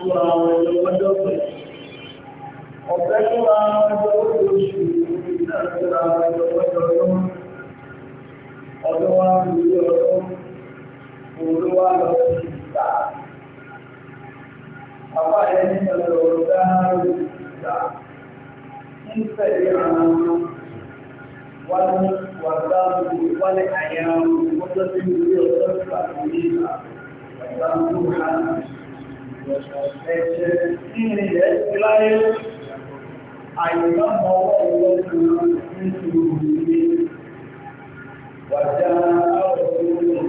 súra wọn lọ lọ́jọ́ pẹ̀lú. Ọ̀fẹ́ súra ọjọ́ oṣù náà súra ọjọ́ ọjọ́ ọjọ́ wa ń lè ọdún òru wa lọ sí ìta. Bàbá yẹn ní ọ̀dọ̀ ọ̀dá lórí ọjọ́ tí mo ọjọ́ ìgbà tó ẹ̀jẹ̀ tí ilẹ̀ ti láyé àìsàmọ́ ọwọ́ ìwọ́n ti ń tu ìwé wàjá ọ̀rọ̀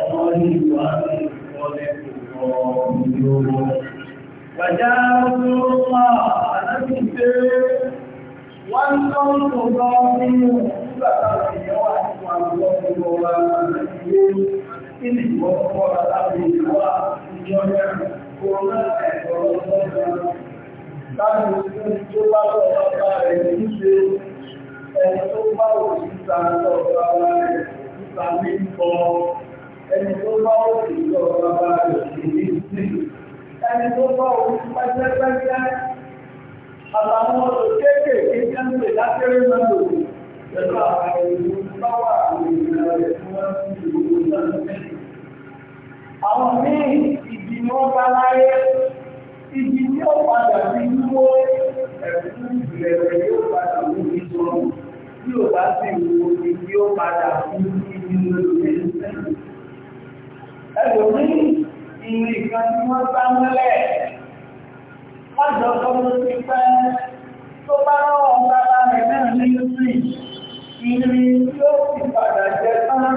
ọmọ ìwà ìwọlẹ̀ ọ̀rọ̀ wàjá ọ̀rọ̀ àdájúdé wọ́n tó ń tó lọ nínú ìgbàta ìyẹ́wà nípa lọ́pọ̀lọpọ̀ wa àti ilé ìwọ̀n kọ́ àtàkùn ìwà ìjọ́jẹ́ Ẹni tó àwọn míì ìdí ni wọ́n bá láyé ìdí tí ó padà sí wíwó ẹ̀fún ìbílẹ̀ rẹ̀ yóò padà wú ní sọ́run tí ò bá sì wo ìdí ó padà sí ìdí lórí ẹ̀sìn. ẹlòmíì ìrìn kan tí wọ́n sá mọ́lẹ̀ wọ́n jọ sọ fún mi pé tó bá lọ́wọ́ bàbá rẹ̀ ní ìrìn tí ó sì padà jẹ tán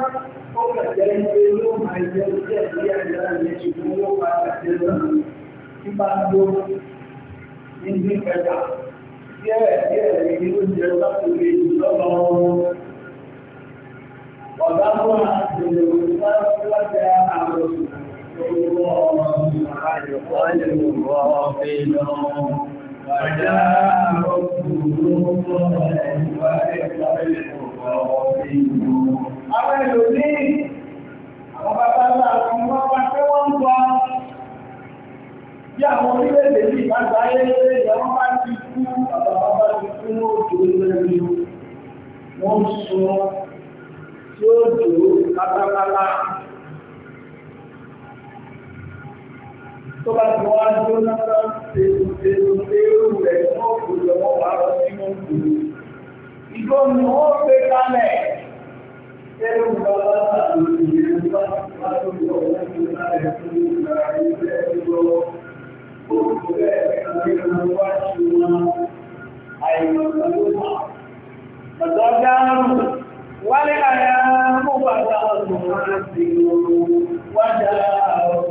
ó kẹ̀kẹ́ ń pé yóò máa jẹ ojú ẹ̀ ní ẹ̀dá ìyẹn ṣùgbọ́n yóò máa kẹ̀kẹ́ lọ́nà tí bá ń lò ní bí kẹta díẹ̀ díẹ̀ ní oúnjẹ lọ́kùnrin èyí lọ́nà ọ̀gá tó máa tẹ̀lé òṣìṣẹ́ àwọn ẹlòmíì àwọn bàbá ńlá àwọn ọmọ wa pé wọ́n ń gbọ́ bí àwọn orílẹ̀-èdè yìí bá gba ayẹyẹ ìyàwó bá ti kú bàbá bàbá ti kú ní òjò lẹ́nu wọ́n ń sun tí ó dòó pátápátá. tó bá ti wá jóná tán tèrò tèrò tèrò rẹ̀ wọ́n kò lọ́wọ́ wà lọ sínú òkú. Wálé àyà mú bàtà ọ̀sùn àti ìrọ̀rùn wájà àwọn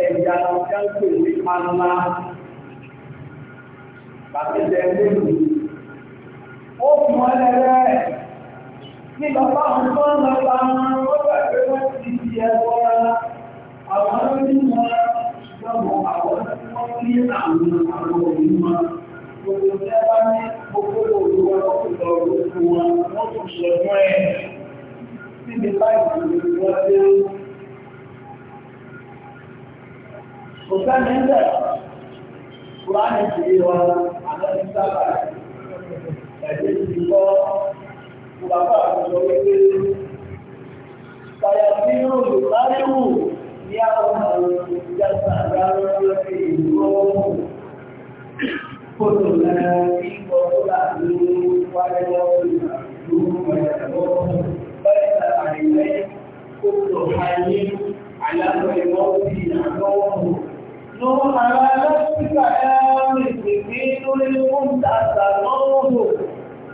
ẹ̀yà ọ̀gáńtò ní panama àtẹ̀jẹ̀ lónìí. Ó fi wọn lẹ́rẹ́ ní bàbá àwọn tó ń lọ bá wọn ó gbàgbé wọn ti di ẹ̀kọ́ ara àwọn lórí wọn lọ́wọ́ àwọn tí wọ́n ní àwọn àwọn òní wọn. Gbogbo tí a bá ní gbogbo òru wọn ó kò lọ òru wọn wọ́n kò sọ fún ẹ̀. Síbi láì sí ìwọ́n dé kò sẹ́ni ń ti yé wa نور على نفسك يا مسكين للمنت أتنوه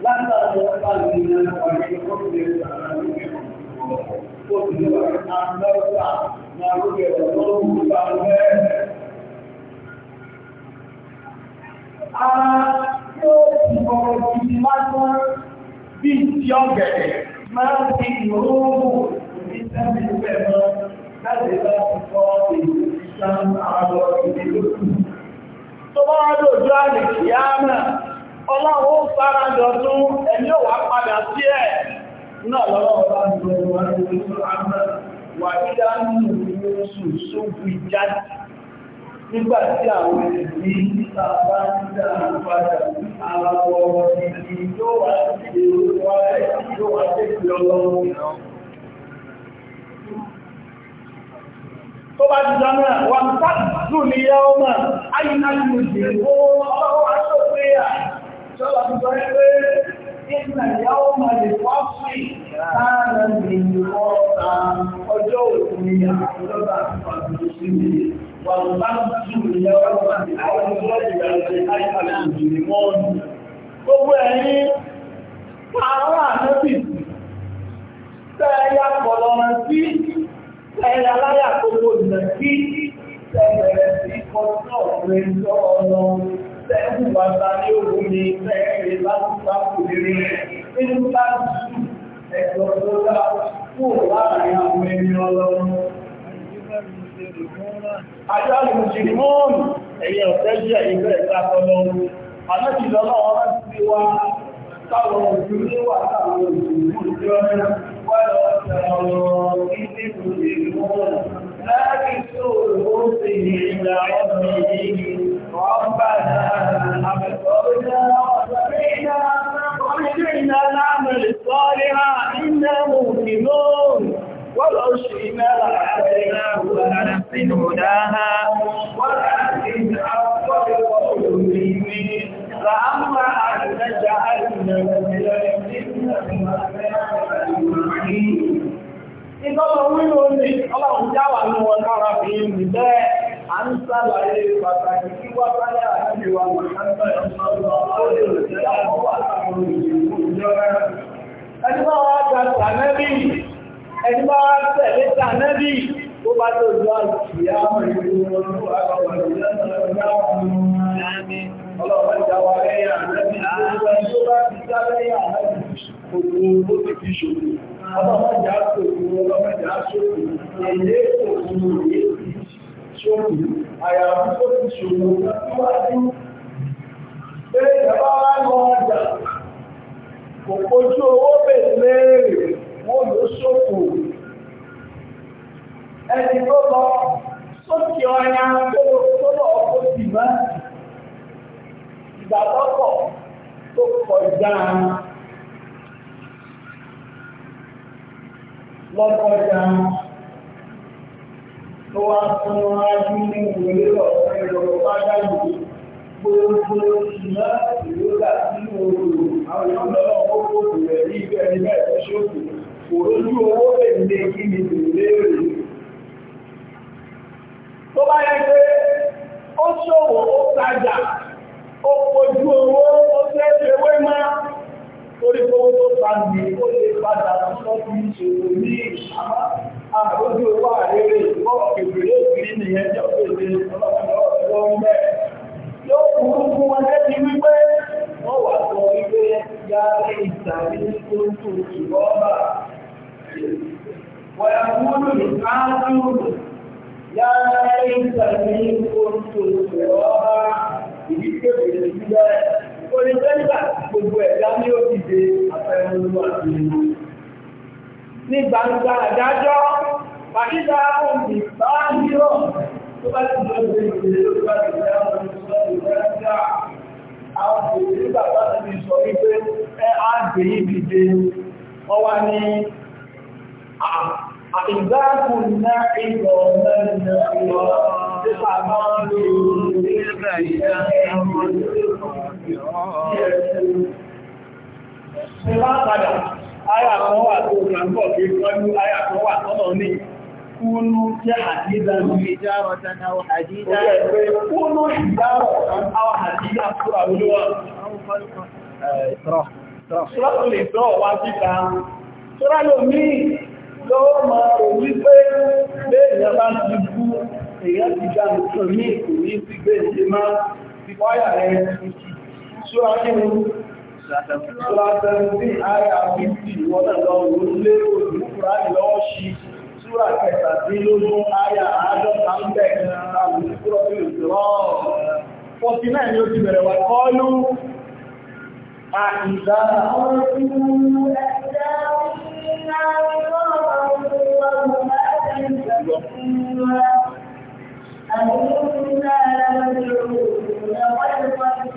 لا تنقل من الفريق Ara yóò ti bọ̀rọ̀ gidi lásán bí ti ọ̀gẹ̀dẹ̀ máa ń fi ìróró ní sẹ́mi ìfẹ́ mọ́ láti bá ti kọ́ èyí tó bá wá lójú àmì kìíyàmà ọlọ́run ó fara dọ̀tún ẹni ò wá padà sí ẹ̀ náà lọ́wọ́ bá ń lọ wà àwọn àwọn ìdí yóò wá sí ìlú wáyé yóò wá sí ọlọ́run náà tó bá ti jọ náà wọ́n pàtàkì ní yá ọmọ ayínájúmọ̀sí owó ọwọ́ aṣọ́pẹ́yà ṣọ́lá ti sọ pé ìgbà ìyá ọmọ lè fọ́sí láàrín ìrìnlọ́ ọjọ́ òkú ní àkọ́lọ́gbà àti wọ́n pàtàkì ní yá ọmọ àwọn ọmọ ìgbà gbogbo ẹ̀yìn àwọn àmẹ́bì tẹ́ ya pọ̀lọ́rọ̀ sí ẹ̀rẹ̀ aláyà tó kò nà kí tẹ̀bẹ̀rẹ̀ sí kọ́tọ̀ rẹ̀ lọ ọ̀nà tẹ́kù bàtà ní òun ni tẹ́ẹ̀rẹ̀ lásìkò àkùnrin rẹ̀ nínú láti ẹ̀tọ́ tó dá fún láàrin àwọn ẹni ọlọ́run. Àjọ́ àlùmùsìn mọ́ọ̀nù ẹ̀yẹ ọ̀tẹ́jẹ́ ìbẹ̀ẹ̀ta tọ́lọ́run. táwọn òṣèré wà táwọn òṣèré òjò ọ̀nà wọ́n lọ sọ̀rọ̀ títí kò lè mú wọn. Láàbí tó o sì ní ìlà ọ̀nà yìí, wọ́n bá náà àbẹ̀kọ́gbẹ́dá ọ̀sọ̀gbẹ́dá ọ̀sọ̀gbẹ́dá láàmì sọ́ọ́lẹ́hà nínú òkìlóòrùn. ولو شئنا لعليناه ولنفسه هداها ولكن أفضل قول مني فأما أن جعلنا Ìtọ́lọ̀ wíwò ní a ń sàlàyé pàtàkì kí ha sáyà àjẹ́wà Mùsùlùmí ọ̀pọ̀lọpọ̀ ọdún ìrìnlẹ̀ àwọn wà láàrin ìlú ìjọra. Ẹni bá wá gbà tànẹ́bì, òun ló ti fi ṣòro ọlọ́mọdé aṣòro ọlọ́mọdé aṣòro èyí òun òye ti ṣòro àyàfi tó ti ṣòro lọ́síwájú pé ìjọba wá lọ ọjà kò kojú owó bèèrè wọn ló ṣòfò ẹni tó lọ sókè ọya tó lọ ọkọ̀ tì máa ìgbàlọ́pọ̀ tó kọjá lọ́kọjá tó wá fún ajú ní ìwòlé ọ̀pọ̀ ìrọ̀rọ̀ bá gbogbo ìná ìlúgà nínú oòrùn àwọn ìrọ̀lọ́ ọkọ̀ ní ibẹ̀ níbẹ̀ òrójú owó lè lè ó ṣòwò ó tajà ó pojú owó ó ṣe wé torí owó tó ta ní ó lè padà sọ bí ìṣòro ní àmọ́ àgbójú owó àrẹ́rẹ́ ìfọ́rọ̀ kékeré ìpínlẹ̀ nìyẹn jẹ́ òṣèlú ọlọ́pàá ọ̀gbẹ́ yóò burú fún wọn lẹ́ni wípé wọ́n wà sọ wípé yára ìtàgé tó ń tó ìrọ́bà wọ́n yà kúrò ní káàkiri yára ìtàgé tó ń tó ìrọ́bà ìdíkẹ́ bẹ̀rẹ̀ sílẹ̀ onígbẹ́gbà gbogbo ẹ̀dá ní òdìdè àfẹ́rúnlú àti ìlú. Ní gbangba àdájọ́, pàdídà òmì bá ní ọ̀ tó bá ti lọ́gbẹ̀ ìgbèrè ló bá ti rẹ̀ àwọn ìṣọ́lẹ̀ àwọn òṣèré bàbá ti sọ wípé ẹ á gbé yìí dìde wọ́n wá ní àìgbáàkù náà ìgbọ̀ mẹ́rin náà ìwọ̀n tí bàbá ń lò ní ìgbà ìyá ọmọdé Kúnú jẹ́ àdídá ìjárọ̀ tán àwọn àdídá. Kúnú ìjárọ̀ tán àwọn àdídá fúra olówà. Ṣọ́rọ̀ tó lè tọ́ wá síta. Ṣọ́rọ̀ lò mí lọ́wọ́ máa rò wípé bẹ́ẹ̀ bá ti bú èyàn ti já nìkan ní ìkò ní sí bẹ́ẹ̀ ṣe máa ti wáyà rẹ̀ ṣúra nínú ṣàtẹ̀sí àyà 50 wọ́n lọ wọ́n lé òjú kúrá lọ́wọ́ sí ṣúra kẹtàdínlógún àyà àádọ́ta ń bẹ̀ láàrín kúrọ̀ sí ìṣòro 49 ni ó ti bẹ̀rẹ̀ wà kọ́lú àìdára Àwọn ìrìnlẹ̀ àwọn ìrìnlẹ̀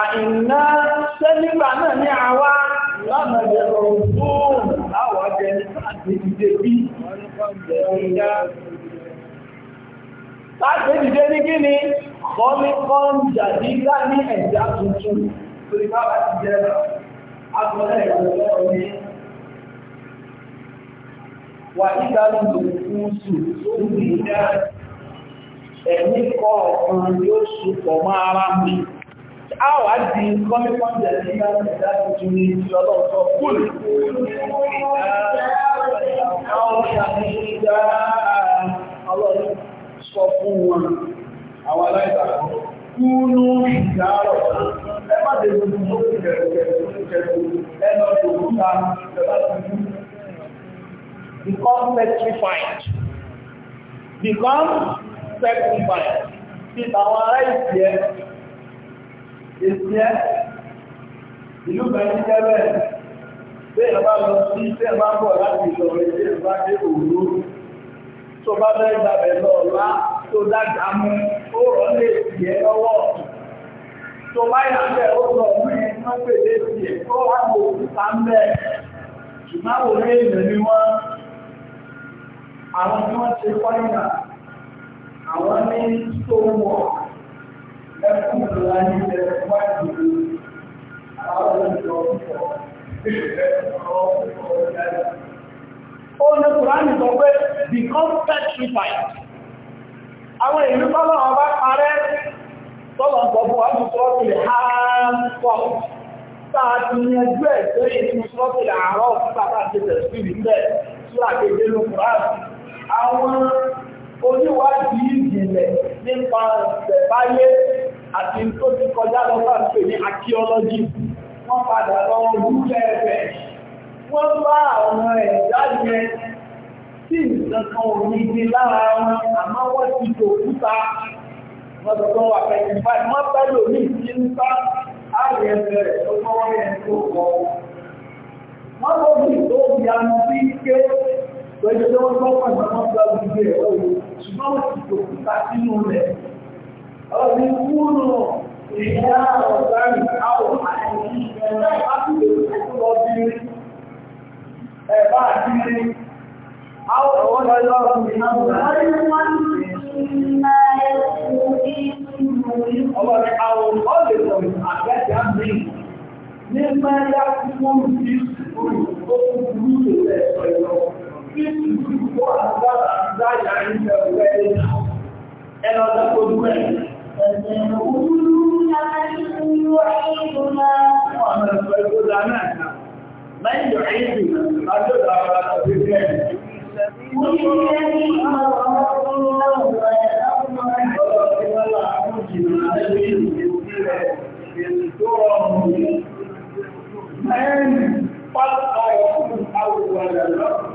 àìná sẹ́nígbà náà ní àwa lánàjẹ ọ̀rọ̀dún àwọ̀jẹ àtẹ́dìdé bí àtẹ́dìdé ní kí ni kọ́líkọ́n jàdídá ní ẹ̀dá tuntun torí bá bá ti jẹ́ agbọ́lẹ̀ ìrọ̀lẹ́ orí wà nígbàlùmọ̀ fúúsù tó ní ẹ̀mí kọ̀ọ̀kan yóò sùpọ̀ máa rá a wà di kọ́míkọ́mí àti ìgbàlódé láti ní ìlọ́lọ́sọ fúlù. Ọlọ́run sọ fún wọn, àwọn aláìsàn kúnú ìdáàrọ̀ ẹ má dé gbogbo tó ti kẹ̀rẹ̀ kẹ̀rẹ̀ tó ti kẹ̀rẹ̀ ẹ lọ tó ń ta ìjọba tó ń become petrified become petrified ti our ará here? ìsìẹ́ ìlú bẹ̀rẹ̀ jẹ́bẹ̀ bí ẹ̀bá lọ sí tẹ́ bá bọ̀ láti ìlọ̀rẹ̀ tí ẹ̀bá dé òru tó bá bẹ́ẹ̀ gbàbẹ̀ lọ ọ̀la tó dájà mú ó rọ̀ lè tiẹ̀ lọ́wọ́ tó bá yà ń ó lọ mí pè lé kó wà òkúta ń ṣùgbọ́n àwọn orí ni wọ́n Ọ̀nà Kùránì sọ pé, become petrified. Àwọn ìlú tọ́lọ̀ ọba parẹ́ tọ́lọ̀ ọ̀pọ̀ àtútọ́tìlẹ̀ àárọ̀ sáàtì ní ẹgbẹ́ ìtòrí ìtútọ́tìlẹ̀ àárọ̀ pàtàkì àtẹ́tẹ̀ sí ìrìnlẹ̀ sílàkèjé ló Kùránì. Àwọn oníwádìí ìjìnlẹ̀ nípa ìtẹ̀báyé àti tó ti kọjá lọ bá pè ní archaeology wọ́n padà lọ rúlẹ̀ rẹ̀ wọ́n bá àwọn ẹ̀dá yẹn tí nǹkan kan ò ní gbé lára wọn àmọ́ wọ́n ti tò kúta wọ́n sọ pé wà pẹ̀lú báyìí wọ́n bá lò ní ìsinúta ààrẹ ẹ̀fẹ̀ rẹ̀ tó kọ́wọ́ yẹn tó kọ́ wọ́n lọ bí tó bí a mú tó wọ́n gbọ́ pẹ̀lú ẹ̀rọ yìí ṣùgbọ́n wọ́n ti tò kúta sínú rẹ̀ ọ̀bí kúrò ìyá ọ̀gbáni àwọn àìsí ẹ̀rọ àbúrò ọ̀bìnrin ẹ̀bá àdílé àwọn ọ̀wọ́ lọ́wọ́ Ọlọ́rin àwọn ọ̀lẹ́sọ̀rọ̀ àgbẹ́jà mi ní mẹ́rẹ́ àkúkúrù bí ìsìnkúrù tó kúrú ìrẹ̀ ẹ̀sọ̀ ìlọ. Bí ìsìnkúrù فسيقولون من يعيدنا من يعيدنا قل الذي خلقنا والأرض من فتح يكون أول الأرض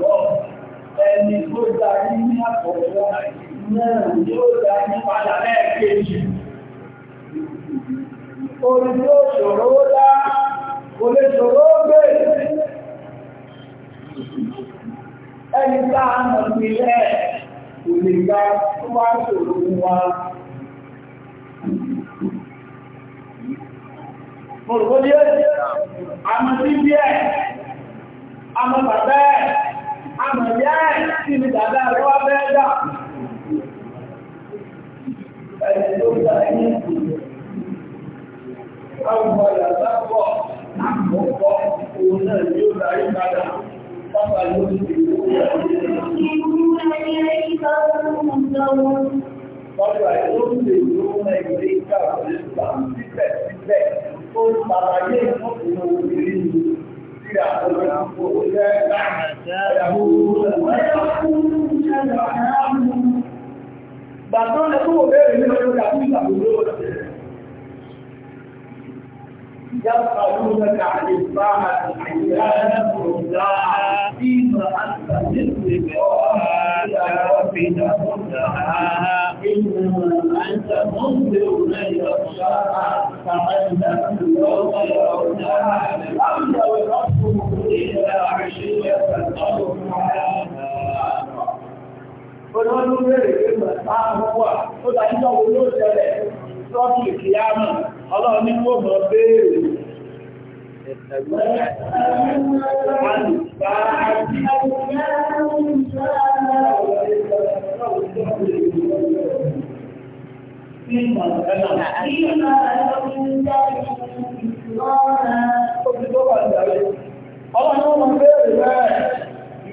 أن يكون دعينا قرآن náà yóò dá ní padà lẹ́ẹ̀kejì. Orin tó ṣòro dá, kò lè ṣòro gbé. Ẹni tá a mọ̀ sí lẹ́ kò lè gba tó wá ṣòro wa. Mo bàbá ẹ̀, àmọ́ yá ẹ̀ sí ni dàda rẹ̀ ẹni tó gba ẹni ìgbìmọ̀. Báwo ọ̀yà lápọ̀ àkọ́kọ́ òun náà ni ó darí padà pápá lórí ìlú Ọjọ́ àìlóòsè ló ń rẹ̀ ìwé ìgbà òun nípa síbẹ̀síbẹ̀ ó pàlàyé ìmọ̀kùnrin obìnrin tí àwọn ọmọ ìgbò jẹ́ láàrín ẹ̀yà Bàbá rẹ̀ tó wò bẹ́ẹ̀rẹ̀ nínú ọjọ́ ìgbà fún ìgbà gbogbo rẹ̀. Yàtọ̀ àwọn ọmọdé àti bá àti àyíká ẹ̀kọ́ ìgbà àti ìgbà àti àjíṣẹ́ ọ̀rọ̀ àti àwọn ọ̀fẹ́ olóòlù bèèrè pé màá mọ́ wà tó dájú ọwọ́ ló tẹ́lẹ̀ sọ́ọ̀tù ìkìyàmù ọlọ́run ní kó mọ̀ béèrè Ọlọ́run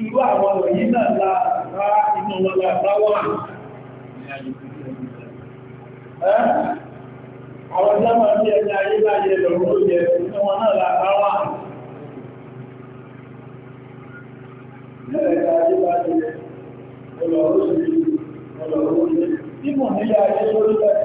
irú àwọn ọ̀rọ̀ yìí náà láàrá inú wọn láàrá wà àwọn jẹ́mọ̀ tí ẹni ayé láyé lọ́rọ̀ yẹ inú wọn náà láàrá wà Ìjọba ayé láyé ọlọ́rọ̀ sí ọlọ́rọ̀ yẹ. Ìmọ̀ nílé ayé lórí bẹ́ẹ̀.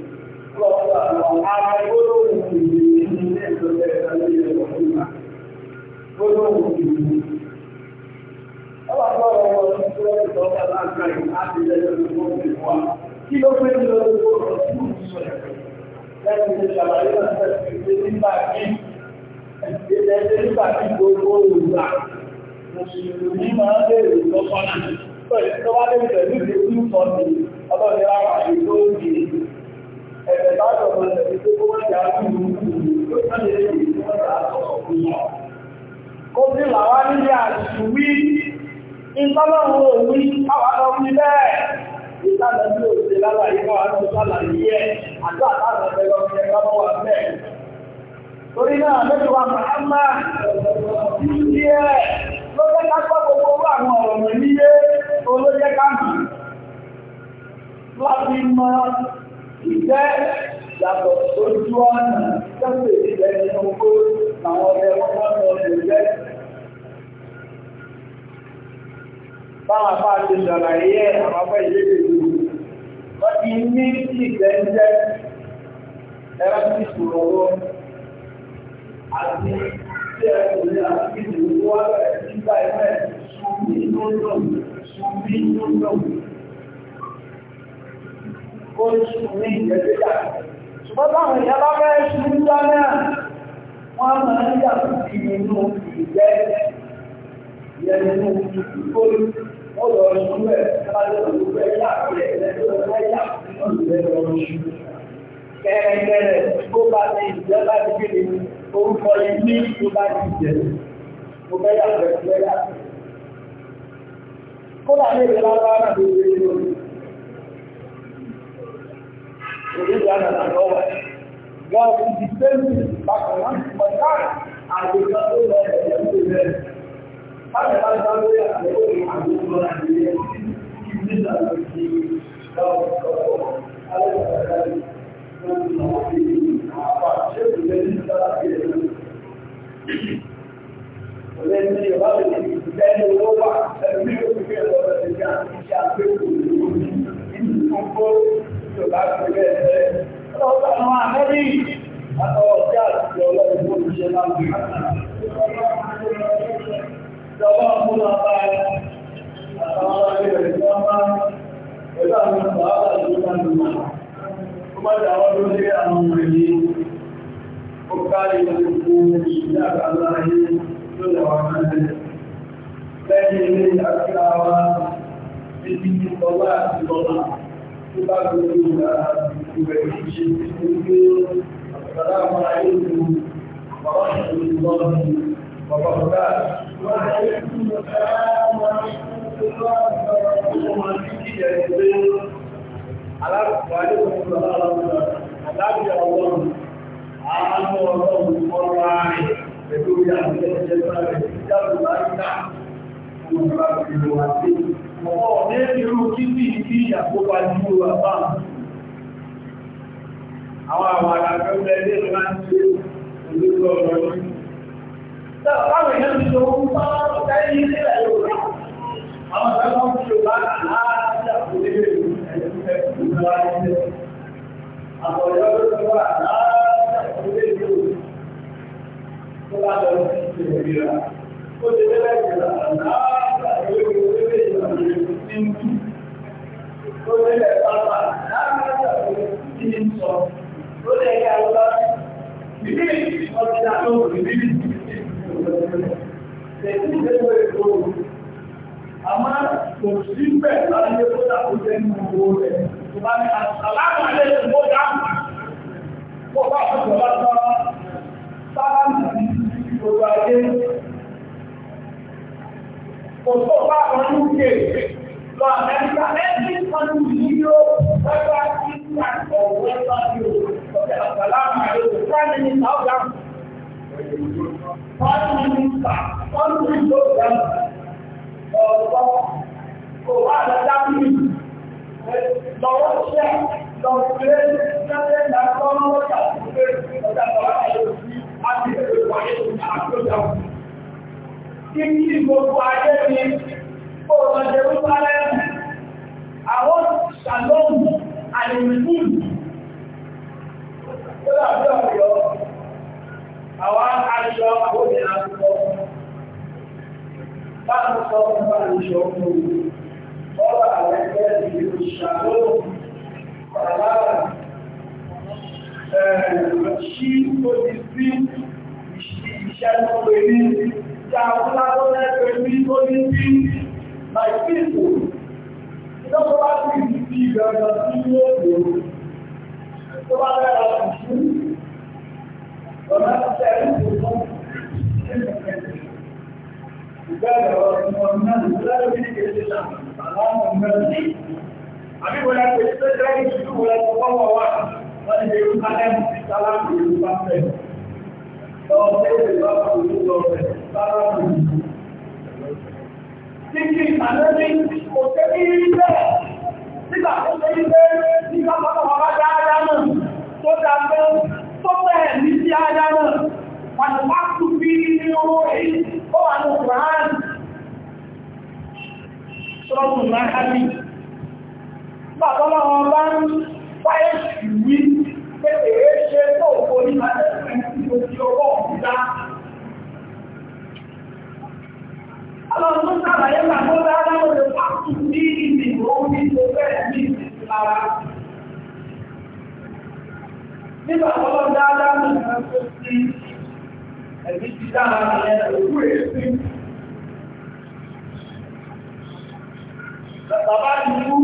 Kí ló pé ní lọ́dún tó rọ̀ sí ìṣẹ̀lẹ̀ lẹ́yìn ìṣàlàyé ọ̀sẹ̀ ìgbésẹ̀ nígbà kí ìgbésẹ̀ nígbà kí gbogbo òwúrà mùsùlùmí máa ń bèèrè lọ́kọ́nà pẹ̀lú tó wá lè pẹ̀lú ìgbésẹ̀ fún ọ̀sẹ̀ ọlọ́dẹ̀ ara ìgbó ìgbésẹ̀ ẹ̀rẹ̀ bá dọ̀rọ̀ ẹ̀rẹ̀ tó kó wọ́n jà á kú ló sọ́lẹ̀ lè kí wọ́n jà á sọ̀rọ̀ fún wọn. Kó sí làwa nílé àṣù wí, ìtọ́lọ́run òwú àwọn ọmọ bẹ́ẹ̀. Ìtàlẹ̀ tí ó ṣe lálàyé wà á tó sálàyé ẹ̀ àti àtàlẹ̀ ẹ̀rọ ẹ̀rọ wà bẹ́ẹ̀. Torí náà, mẹ́tùwà Màhámà, ìdí ẹ̀ ló jẹ́ ká gbọ́ gbogbo àwọn ọ̀rọ̀ mẹ́líyé olójẹ́ ká mọ̀. Láti mọ ìfẹ́ yàtọ̀ ojú ọ̀nà sẹ́sẹ̀ ìfẹ́ ní owó àwọn ọ̀rẹ́ wọn máa ń lọ Báwọn afá ti ṣàlàyé ẹ̀ àwọn afẹ́ ìlú. Wọ́n ti ní ìfẹ́ ń jẹ́ ẹ̀rọ ti sọ̀rọ̀ lọ àti tí ẹ kò ní àti ìdìbò wá bẹ̀rẹ̀ nígbà ẹ̀fẹ́ sùn ní ó ní ìgbẹ̀lẹ́gbà ṣùgbọ́n táwọn ìyá bá fẹ́ ṣe ń gbá náà wọ́n máa ń yà sí inú ìgbẹ́ ìyẹnú ìgbóyú ó lọ ṣúgbẹ́ alájọ́lùgbẹ́ yàgbẹ́ ẹ̀lẹ́gbẹ́ yàgbẹ́ ìgbẹ́ lọ́rọ̀ ṣú kẹ́rẹ́kẹ́rẹ́ tó bá ti ìjẹ́ bá ti gbé Orí ìyára làlọ́ wà ní. Wọ́n fi di sẹ́ńtì bákan wá sí ọ̀tá àgbègbè tó lọ ẹ̀yẹ ń bèèrè rẹ̀. Báyọ̀ bá dá lórí àgbẹ̀wò àgbègbè lọ àgbègbè kí ní ìlànà ti dáwọ̀ ọ̀pọ̀ alẹ́kọ̀ọ́dáyé ló ń lọ sí àpá ṣé kò lè ní sára sí ẹ̀rọ. Olè ní ìwà lè fi ìfẹ́ni owó wà ẹ̀mí òkú ẹ̀rọ ẹ̀dá ìṣàgbékòó ìlú ìlú tó bá fi bẹ́ẹ̀ bẹ́ẹ̀. Ọlọ́pàá àwọn àmẹ́rí àtọwọ̀ sí àti ọlọ́run tó ń ṣe láti Ìjọba ọmọ náà bá àtàwọn ọmọdé rẹ̀ tí wọ́n máa pẹ̀lú àwọn ọmọ àwọn àjọyọ̀ náà lò wọ́n. Ó má dà wọ́n ló lé àwọn ọmọ ìlú. Ó kárí gbogbo ìlú àgbàlá ayé tó lọ wà náà lẹ́yìn ilé àti àwọn ibi ìtọ́lá àti ìtọ́lá tó bá gbogbo ìlà ìbẹ̀rẹ̀ ìṣe tó gbé ọ̀sán àwọn ayélu bàbá ìṣòro lọ́nà bàbá ọ̀gá wọ́n á yẹ kí wọ́n ká wọn tó bá ọ̀sán wọn ní kí ẹ̀ gbé alákùnrin ayélujára aláwọ̀ alábìyà ọlọ́run àánú ọlọ́run ọ̀rọ̀ ààrẹ pẹ̀lú ìyàwó ẹ̀jẹ̀ sáré ìjábọ̀ láyé náà wọ́n bá fi wà sí i ọ̀nà irú kí bí kí àkópa ju àbá àwọn àwọn àgbẹ̀gbẹ̀ ilé ìlú máa ń ṣe olóògbé ọ̀rọ̀ yìí. Táwọn èèyàn ti lọ ń bá ọ̀gá yìí nílẹ̀ Yorùbá. Àwọn ọ̀gá kan fi Yorùbá àájà òlérè ẹ̀dùnkẹ́ ìlú wa nílẹ̀. Àwọn ọ̀gá ló ti wà àájà òlérè Yorùbá. Tó bá lọ sí ìṣèlú ìlera. Ó ti lé ti ń kú. Ó lélẹ̀ pápá láàárín ọjọ́ ìwé kí ni ń sọ. Ó lè yá ọ bá bíbí ọtí àtọ́kù bíbí ìgbésí ìgbésí ètò àmọ́ kò kó dàpọ̀ jẹ́ nínú owó rẹ̀. Kò ní àlámà lè ayé. Kò tó ní lọ Amẹ́ríkà ẹni kan ní ìlú lọ́jọ́ ìgbà ọ̀wọ́ lọ́jọ́ ìgbà àgbàlámà rẹ̀ tó fẹ́ẹ́ ní ọ̀gá. Wọ́n ní nípa wọ́n ní ìlú ọ̀gá ọ̀gbọ́ kò wá lọ́jà mí lọ́wọ́ ṣẹ́ lọ́wọ́ ṣẹ́ lọ́wọ́ ṣẹ́ lọ́wọ́ ṣẹ́ lọ́jà àgbàlámà rẹ̀ tó fi àti ìwà ètò àgbọ̀jà. Kí ni gbogbo ayé ni kó o lọ Jerusalem àwọn shalom àlèmùsùn tó dàbí ọ̀yọ́ àwọn aṣọ àwọn ìlànà sọ báwọn sọ fún bá ń ṣe ọkọ ọba àwọn ẹgbẹ́ ìlú shalom pàlàbà ẹ̀ẹ́dì tó ti sí ìṣẹ́ tó pè ní ìjà fúláwọ́ lẹ́gbẹ̀ẹ́ tó ti sí My people. you know, Ìjọba bá ti di ti ìgbàgbà sí ní èdè. Tó bá dára sí sí. got ti tẹ̀lé ìgbàgbà ìgbàgbà ọ̀nà náà lẹ́yìn ní kejì náà. Àwọn ọmọ mẹ́rin. Àbí wọ́n yà pé ṣé dárí ìṣúkú wọlé tó wọ́wọ́ wà. Wọ́n ti dèrú Adam sí Sálámù ìlú Pàfẹ́. Lọ́wọ́ tẹ́lẹ̀ lọ́wọ́ ìlú lọ́fẹ̀ẹ́ Sálámù ìlú títí ìtàlẹ́rí kò tẹ́ bí rí bẹ́ẹ̀ nígbà tó tẹ́ bí bẹ́ẹ̀ nígbà pátá wà bá dáadáa náà tó dá tó tó bẹ́ẹ̀ ní sí ájá náà wà ní wá tù bí ní owó èyí ó wà ní ọ̀rán sọ́rọ̀kùn náà kábí bàbá wọn bá ń fáyé sí wí pé èé ṣe tó òkò nígbà tó Ọlọ́run tó sàlàyé pàtó dáadáa ó lè pàtó ní ìdìbò ó ní tó bẹ́ẹ̀ ní ìdìbò ara. Nígbà tó lọ dáadáa mọ̀ náà tó sí ẹ̀mí ti dára nìyẹn òkú rẹ̀ sí. Bàbá ìlú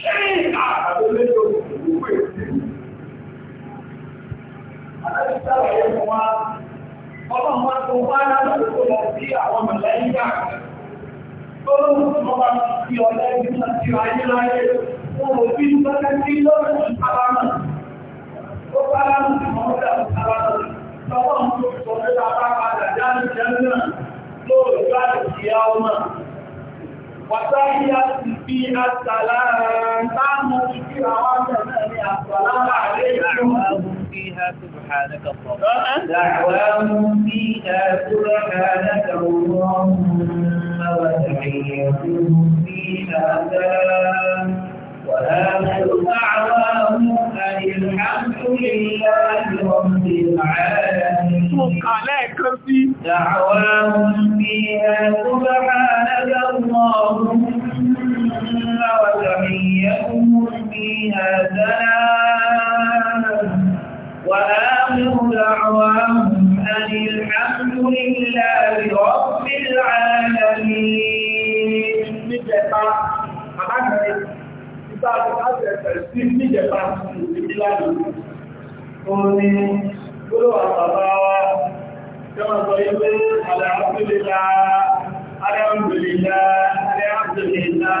ṣé àtàlẹ́ lẹ́yìn òkú rẹ̀ sí. Àlẹ́ sàlàyé fún wa, ọlọ́run wá tó wá lábẹ́ tó lọ sí àwọn mọ̀lẹ́yìn àkàtà. tọ́lọ́wọ́ tí wọ́n bá fi ọ̀lẹ́ ibi láti ayé láyé wọn ò bí ìgbàkẹ́ sí lọ́rùn ìpàlánà ó pàlánà tí wọ́n dà ìpàlánà lọ́wọ́ ń tó sọ pé bàbá padà jáde jẹ́nà lóòrè láti fi á ọmọ wàtáyà ti fi àtàlá táàmù ti fi àwọn àjẹ̀mẹ́ ní àtàlá àrẹ́ ìlú فيها سبحانك اللهم دعواهم فيها سبحانك اللهم وتحيتهم فيها سلام وآخر دعواهم أن الحمد لله رب العالمين دعواهم فيها سبحانك اللهم وتحيتهم فيها سلام وآخر دعواهم أن الحمد لله رب العالمين níjẹta alágbẹ̀rẹ̀ títà àtẹ̀ẹ̀fẹ̀ sí níjẹta ìdílànà omi gbọ́lọ̀ àtàbà wa jọmọ̀ sọ ilé alàáfílélá aláàmìlélá aláàmìlélá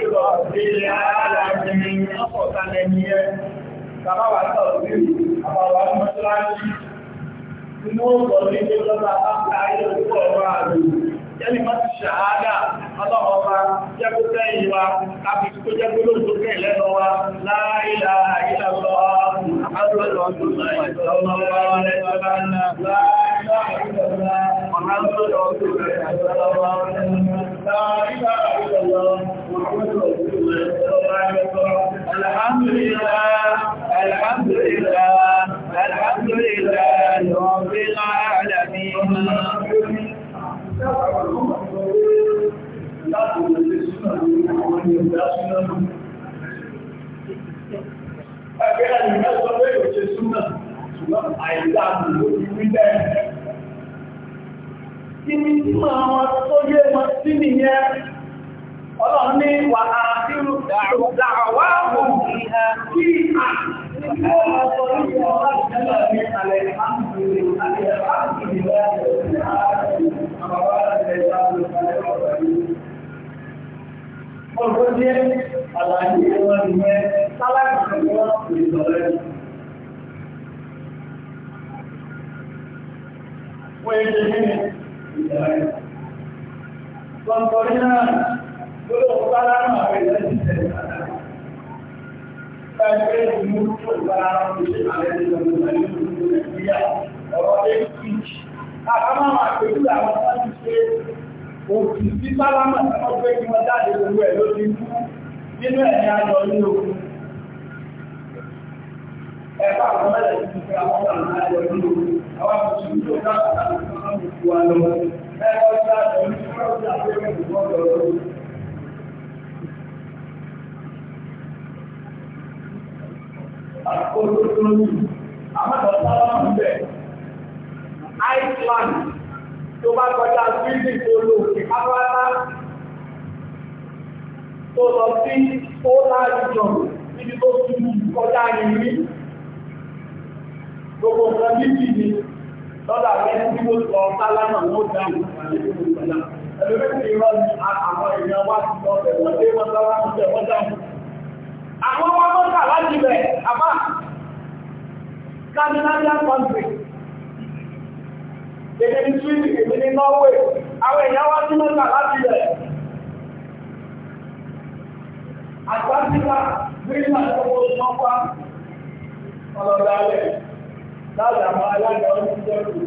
ìrọ̀sílẹ̀ aláàmìlélá ọ̀pọ̀ta lẹ́ni ẹ inú ọ̀pọ̀ ní tó lọ́ta bá ń ka ayé ọ̀rọ̀ àdúgbò jẹ́lì má ti ṣàádà ọlọ́ọ̀ọ́fà jẹ́gbótẹ́ ìwà àbìkú jẹ́gbóló ìtókè lẹ́nu wa láìlà ìlàlọ́ Alhamdulillah, Alhamdulillah, Alhamdulillah, Rabbil alamin. Ẹgbẹ́ àyíká sọ pé òṣè súnmà ṣùgbọ́n jẹ́ àlàyé wọn nìyẹn sáláàdì ìṣẹ̀lẹ̀ wọn kò lè sọ̀rọ̀ ẹ̀. Wọ́n yẹ kí ní ìṣẹ̀lẹ̀ ẹ̀. Sọ̀tọ̀rí náà gbọ́dọ̀ kó bára náà rẹ̀ lẹ́yìn ìṣẹ̀lẹ̀ náà. Ẹgbẹ́ ìlú tó bára náà kò ṣe àlẹ́ ìṣẹ̀lẹ̀ Nàìjíríà ọ̀rọ̀ òkú sí sálámà tí wọ́n fẹ́ kí wọ́n ẹ̀ ló ti nínú ní ogun ẹ̀fà àwọn mẹ́lẹ̀ ti fẹ́ àwọn ọ̀nà àwọn tó bá kọjá bíldì tó lò ní pápátá tó lọ sí ó láàrín jọ níbi tó tún kọjá ìrí gbogbo nǹkan bíbí ni lọ́dà rẹ̀ tí ó sọ sálámà ó dáhùn ẹlẹ́gbẹ̀ẹ́ ìrọ̀ ni àwọn èèyàn wá ti lọ bẹ̀ wọ́n dé wọ́n sálámà bẹ̀ wọ́n dáhùn àwọn ọmọ mọ́ta láti bẹ̀ àbá Scandinavian country èdè ní sweden èdè ní norway àwọn èèyàn wá sí mẹ́ta láti rẹ̀ àgbàsíta greenland ọmọ ìmọ̀pá ọlọ́dàálẹ̀ láti àwọn alága oníṣẹ́ òkú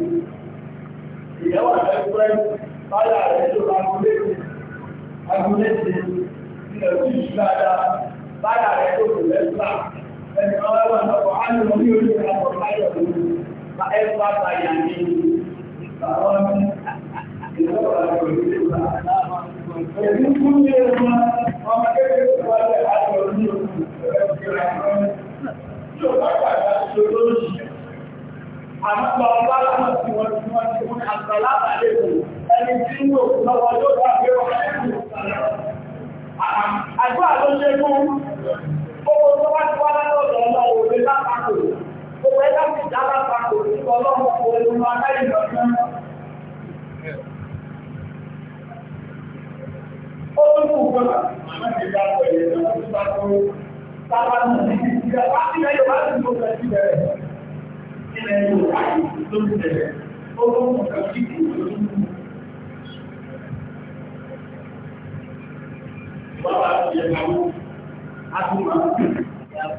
ìyẹ́wà ẹgbẹ́ báyà rẹ̀ tó agúléèdè agúléèdè ilẹ̀ òkú ìṣúgbàdá báyà rẹ̀ tó kò lẹ́gbà ẹni ọlọ́wọ́ ọ̀pọ̀ á ní orí orí àwọn ọ̀pọ̀ ayọ̀ ẹgbà báyà ní Àmọ́gbà ọgbà láwọn tí wọ́n tí wọ́n tí wọ́n àgbàlábà lè wò ẹni tí ń wò lọ́wọ́ yóò wà pé ọ̀rẹ́ ìlú àgbà àjọ́ àjọ́ ṣe fún owó tó wá ti wá látọ̀dọ̀ ọmọ òwe Gbogbo ẹgbẹ́ ti dá lápapọ̀ sí ọlọ́run kò lè máa láì lọ fún. Ó tún kù gbọ́dọ̀, àmọ́ ti dá pẹ̀lú ẹ̀rọ tó bá tó sábà nù ní ìgbẹ́ wá sí ẹ̀yọ̀ wá sí gbogbo ẹ̀ sí bẹ̀rẹ̀. Ilẹ̀ Yorùbá yìí ló ń bẹ̀rẹ̀, ó ló ń kọ̀ sí ìlú Bàbá ti ẹ̀ka wó, a tún máa ń bẹ̀rẹ̀.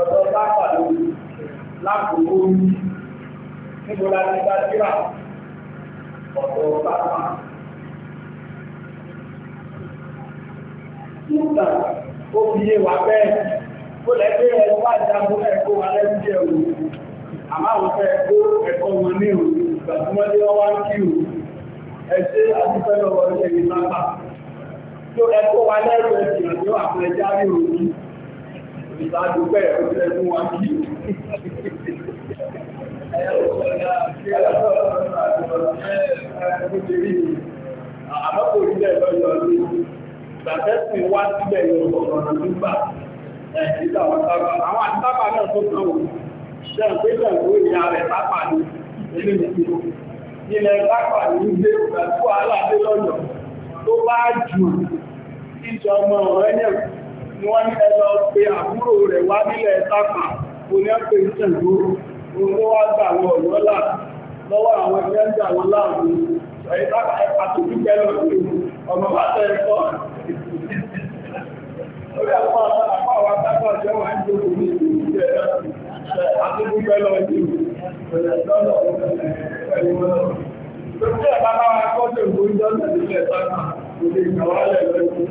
ọ̀dọ̀ sáfà ló lákòókò níbo la ti bá ọ̀dọ̀ sáfà. Nígbà ó fi yé wa bẹ́ẹ̀, ó lẹ́ ẹ̀rọ wà ìjábọ̀ ẹ̀kọ́ wa lẹ́nu jẹ́ wọn fẹ́ ẹ̀kọ́ wọn ní ìbádùgbẹ́ òṣèlú fún wa kí àmọ́kò ilẹ̀ lọ́yọ̀ ní ìgbàtẹ́sìn wá síbẹ̀ yóò ọ̀rọ̀ nígbà ẹ̀ẹ́dìdà ọ̀tábà àwọn àtàbà náà tó kàn wò ṣe ń pé ìjọ̀gbó ìyá rẹ̀ pápá ní ilé ìpínlẹ̀ ilẹ̀ pápá ní ilé ìgbàtú aláàbẹ̀ lọ́yọ̀ tó bá jù ìjọmọ̀ ọ̀rẹ́yẹ̀ ni wọ́n ní ẹlọ pé rẹ̀ wá nílẹ̀ wọn ọ̀yọ́ àwọn lọ sí ọmọ bá tẹ́ ẹ̀kọ́ orí àpá àpá àwọn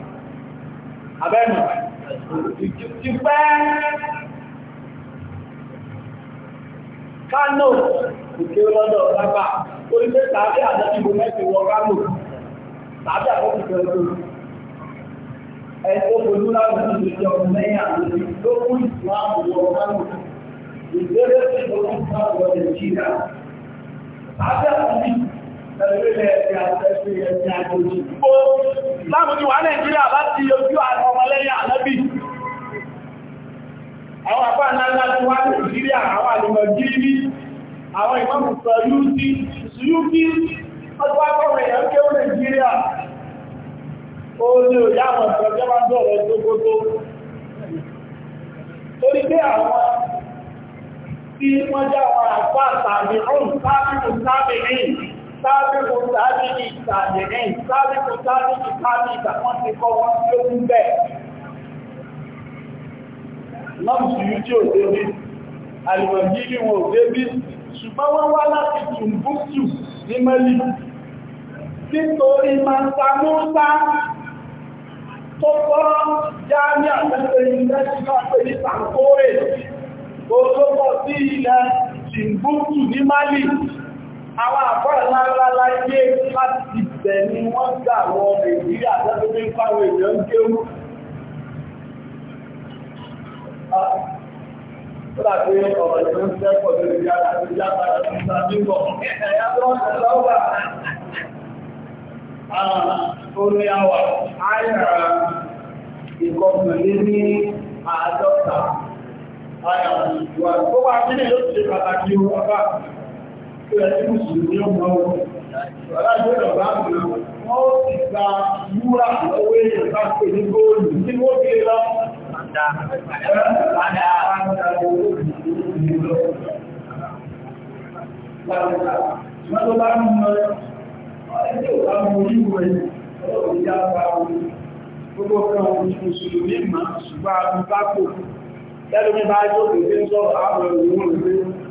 abẹ́nu ti pẹ́ kánò òkè lọ́dọ̀ lápá orí pé tàbí àdájúgbò mẹ́sìn wọ kánò tàbí àkọ́kùnkẹ́ ọdún ẹ̀sọ́ pẹ̀lú láwọn ìṣẹ́jọ lẹ́yìn àwọn ìlókùn ìsìláàmù wọ kánò ìgbéré sí ìlókùn ìsìláàmù wọ nàìjíríà tàbí àkọ́kùnkẹ́ Láàmù ti wà Nàìjíríà bá ti ojú àwọn ọmọlẹ́yìn ànábì. Àwọn àpá ńlá ti wá Nàìjíríà àwọn àlùmọ̀ gírí àwọn ìmọ̀mù sọ Yúdí, Yúdí, ọjọ́ akọ́rẹ̀ èèyàn kí ó Nàìjíríà. Ó ní òyà àwọn ìtọ́jọ́ máa dọ̀rọ̀ tókótó. Torí pé àwọn tí wọ́n já àwọn àpá àtàbí ọ̀rùn sáàbì sábìkù sábìkì sàdìní sábìkù sábìkì sábìkì àwọn ti kọ́ wọn tí ó ń bẹ̀. lọ́mùsùn tí ò débi àlùwẹ̀bí ni wọn ò débi ṣùgbọ́n wọ́n wá láti tùmbútù ní mẹ́lì nítorí màtà mọ́ta tó kọ́ jáàmì àtẹ́sẹ̀ ilẹ̀ ṣíkàpẹ̀ ní sàkóòrè tó tó kọ́ sí ilẹ̀ tùmbútù ní àwọn àpọ́rẹ̀ lára láyé láti bẹ̀ ni wọ́n gbà wọ nàìjíríà tẹ́lú pé fáwọn èèyàn ń kéwú Láti ọ̀rọ̀ ìlú ń tẹ́kọ̀ọ́ lórí yára àti yára àti ìsàmígbọ̀. Ẹ̀yà tó ń lọ́wọ́ orí àwà ayàrá ìkọkànlé ní àádọ́ta ayàrá ìwà tó wà nílẹ̀ ló ti pàtàkì ọba tó yẹ kí mùsùlùmí ọmọ ọwọ́ ọ̀rá ìgbẹ́ ọ̀gá àgbà wọ́n ti gba wúrà lọ́wọ́ èèyàn bá pè ní góòlù tí wọ́n fi lọ. Wọ́n tó bá ń mọ ẹgbẹ́ òkà mú oríwọ̀ ẹ̀ ọ̀rọ̀ ìyá bá wọn. Gbogbo kan mùsùlùmí máa ṣùgbọ́n àbúgbàpò. Lẹ́lómi bá jókòó tí ń sọ̀rọ̀ àwọn ìwọ̀n ìwọ̀n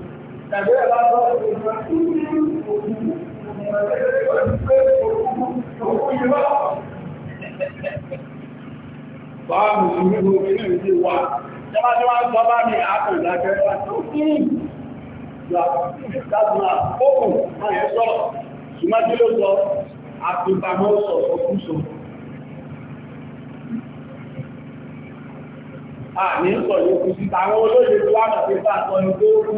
Báàmù sí ní gbogbo ilé ìdí wà, jọba tí wọ́n sọ bá ní àpò ìdájọ́ ìwà tó kìí ìgbàgbà fóòmù máa yẹ sọ́rọ̀. Ìmájí ló sọ, àpìpàmọ́ sọ ọkùn sọ. À ní sọ yóò kú sí, àwọn olóyè tó wà náà pípa sọ ní tó kúrú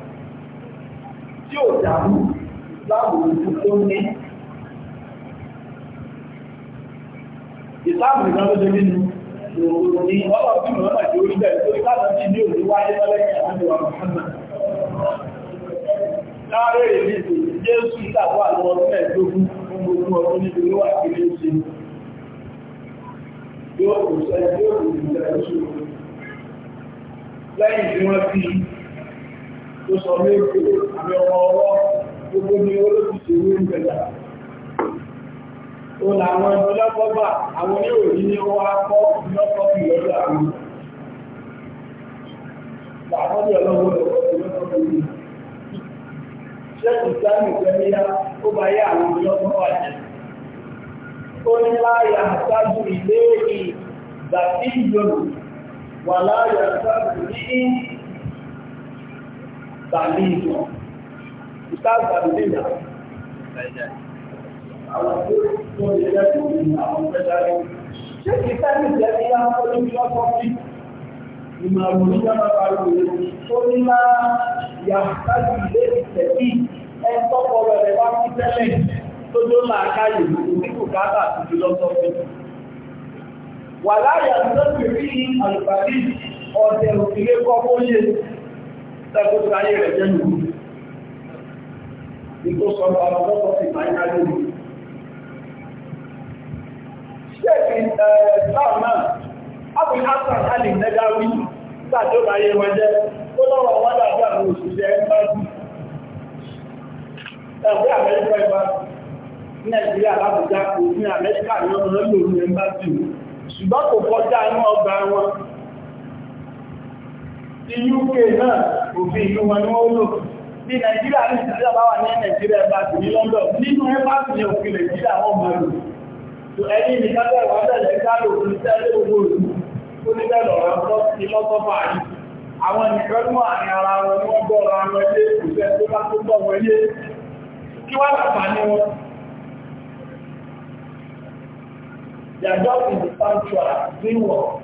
tí ò dàrú láwùjọ tó ní. Ìsáàmù ìgbà nínú débi nu tí mọ̀ náà jẹ́ ní òní wáyé lọ́lẹ́yìn àdúrà Mùhàmmad. Láàárẹ̀ èmi ìsìn kò lẹ́yìn tí wọ́n fi tó sọ méjì àmì ọmọ ọwọ́ gbogbo ní olóòtú ìwé ìgbẹ̀dà ó làwọn ẹni lọ́kọ́gbà àwọn oníròyìn ní ọwọ́ akọ́ lọ́kọ́ fi lọ́dọ̀ àwọn Àwọn ọlọ́wọ́ ṣẹ́kù sáàmì bàálì ìjọ ìtàz bàálì ìjọ àwọn tó tó lè lẹ́kọ̀ọ́ ní àwọn pẹ́jáde ṣé kìí sáré ìjẹ́ ní àwọn olùfilọ́sọ́fì ìmọ̀ àwọn oníjọba parí òye tó ní máa yà sáàjì ilé ìtẹ̀bí ẹ tọ́pọ̀ rẹ̀ wá sí tẹ́lẹ̀ tó tó máa káyè oníkù káàkà sí filọ́sọ́fì wà láyà tó fi rí àlùbàdì ọ̀dẹ̀ òkèlè tẹ́kùtù ayé rẹ̀ jẹ́ nù ní tó sọ ọmọ ọlọ́pọ̀ sí ìmáyá lórí ihe ẹ̀ẹ́sàn náà abu hassan ali nẹ́gáwí tàbí ó báyé wọn jẹ́ ó lọ́wọ́ dàbí àwọn òṣìṣẹ́ ẹgbẹ́ ṣùgbọ́n kò inú ọgbà wọn ti UK náà òfin ìlú wọn ni wọ́n lò ní Nàìjíríà ní ìsìnlẹ̀ bá wà ní Nàìjíríà bá ti ní London nínú ẹ́bàtì ní òfin Nàìjíríà wọ́n máa lò tó ẹni ní kábẹ̀ wọ́n tẹ̀lẹ̀ kálò òfin tẹ́lẹ̀ owó òlú ó ní bẹ́ẹ̀ lọ́rọ̀ ìlọ́sọ́fà yìí àwọn nìkan mọ́ àrin ara wọn ni wọ́n gbọ́ra wọn ilé ìpùsẹ̀ tó bá tó gbọ́ wọn ilé kí wọ́n làpá ní wọn They are just in the sanctuary, doing work.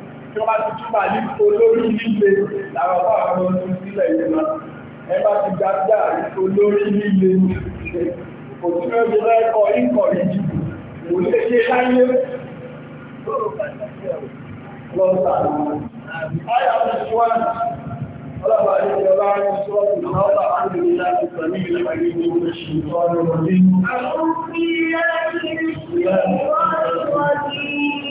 tí wọ́n bá ti túmọ̀ ní olórí líle àwọn ọmọ ọdún sílẹ̀ yìí lọ. Ẹ bá ti gba olórí líle kò tí ó lè lẹ́kọ̀ọ́ ikọ̀ yìí kò lè ṣe láyé. Lọ́sà Ayà ti ṣíwájú. Ọlọ́pàá ní ìjọba ń sọ́ọ̀tù náà bá wà ní ìlú láti sọ̀rọ̀ ìlú ayé ní oṣù ìtọ́jú ọdún. Àwọn òfin láti rí sí ìwọ́n ìwọ́n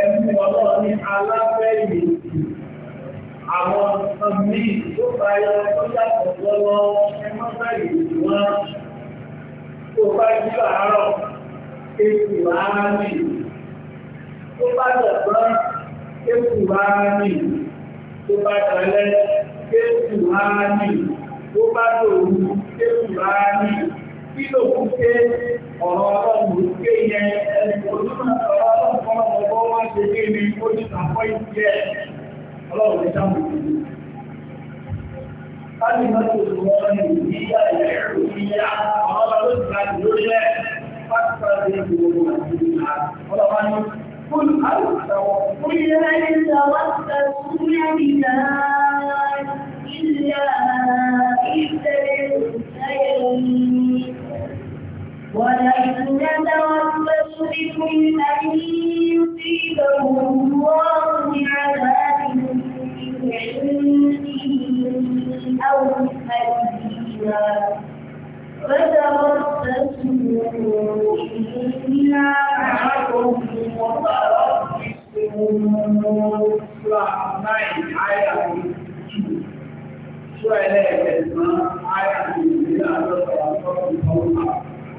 ẹni ọlọ́run ní alábẹ́yìí àwọn nǹkan míì tó bá yọ tó yàtọ̀ lọ́wọ́ ẹmọ́bẹ̀yìí wọn tó bá jí àárọ̀ ètò ara mi tó bá dọ̀gbọ́n ètò ara mi tó bá dọ̀lẹ́ ètò ara mi tó bá dòwú ètò ara mi kí ló kú ké ọ̀rọ̀ ọlọ́run ké yẹ ẹni ojúmọ̀ ọ̀rọ̀ ọlọ́run ọgbọ́n wá ṣe ké ní ojú àpọ̀ ìjẹ́ ọlọ́run ní sáàmù ìlú. Láti máa tó lọ ní ìyá ìrẹ̀rù ìyá ọ̀rọ̀ ló ti láti lórí ẹ̀ pàtàkì ìgbòho àti ìlà ọlọ́pàá ní Kúlù àlùfáwọ̀. Kúlù láyé ìtawọ́ ìtàkùnrin àbíjà ìlà ìtẹ̀lẹ̀ ìtẹ̀lẹ̀ ونحن نتربص بكم أن يصيبهم الله بعذاب من عنده أو يهدينا فتربصوا إنا معكم متربصون Surah 9 ayat 7 Surah 11 ayat 9 adalah surah yang pertama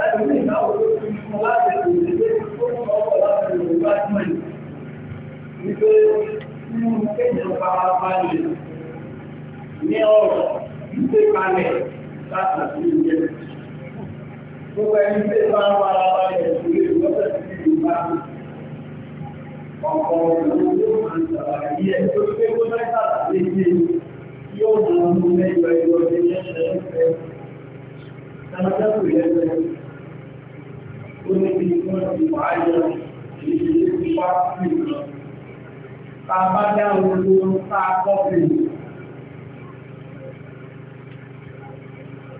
láti ní ìbáwọ̀ tó ti mú láti ìdílé tó ń ọwọ́ láti ìwà ìmọ̀ ìgbé nínú kéèyàn bára balẹ̀ ní ọ̀rọ̀ ìgbé balẹ̀ láti àti ìjẹ́. Gbogbo ẹni tí bá ń bára balẹ̀ ìwé ìwọ́sẹ̀ sí ìgbà ọkọ̀ òun yóò máa ń ó ní bí wọ́n ti wà á yọ ìṣẹ̀lẹ̀ pípa sí ìlọ. Tá a bá dá owó tá a kọ́ sí i.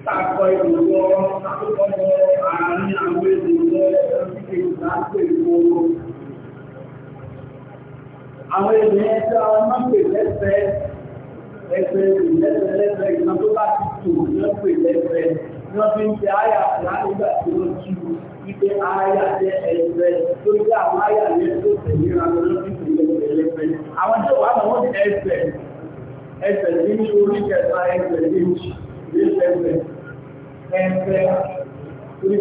Tá a kọ ìlú ọ̀rọ̀ àkókò ọ̀rọ̀ àárín àwọn ènìyàn ẹ̀rọ wípé ààyà jẹ́ ẹgbẹ́ tó jẹ́ àwọn ààyà yẹn tó tẹ̀lé ra lọ lọ́sí ìpínlẹ̀ ẹlẹ́fẹ́. Àwọn tí wàá mọ̀ wọ́n ti ẹsẹ̀ tí ní orí kẹta ẹsẹ̀ tí ní ẹsẹ̀ ẹsẹ̀ tó tó tẹ̀lé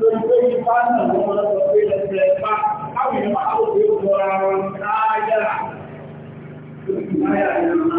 lo lórí pé ipá náà ló sọ pé pa káwọn wọn ní Ìgbà yà ni a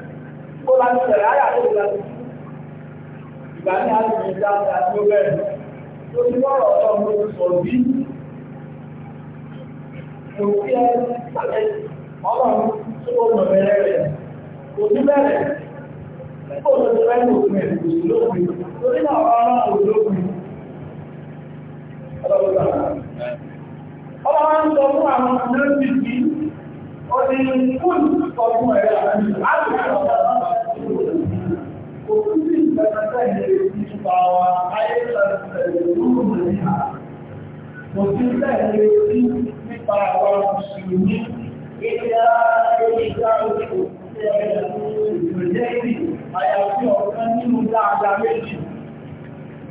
ó bá ti bẹ̀rẹ̀ ayà tó ga ìgbà ní àlùmí dáadáa tí ó bẹ̀rẹ̀ tó ti wọ́rọ̀ ọ̀tọ̀ mo ti sọ bí kò sí ẹ sàlẹ̀ ọlọ́run tó ó nà bẹ̀rẹ̀ rẹ̀ kò sí bẹ̀rẹ̀ kó ló ti bẹ̀rẹ̀ òfin ẹ̀ kò sí lópin torí náà ọlọ́run kò lópin ọlọ́run wa ń sọ fún àwọn ọmọdé ti di ọdún fún ọdún ẹ̀rọ àti àlùmí كل فتنه تشفى ايضا تدعون بها وتنتهي تشفى المسلمين الى يشفعوا Ìjẹ́bí àyàfí ọ̀kan nínú dáadáa méjì,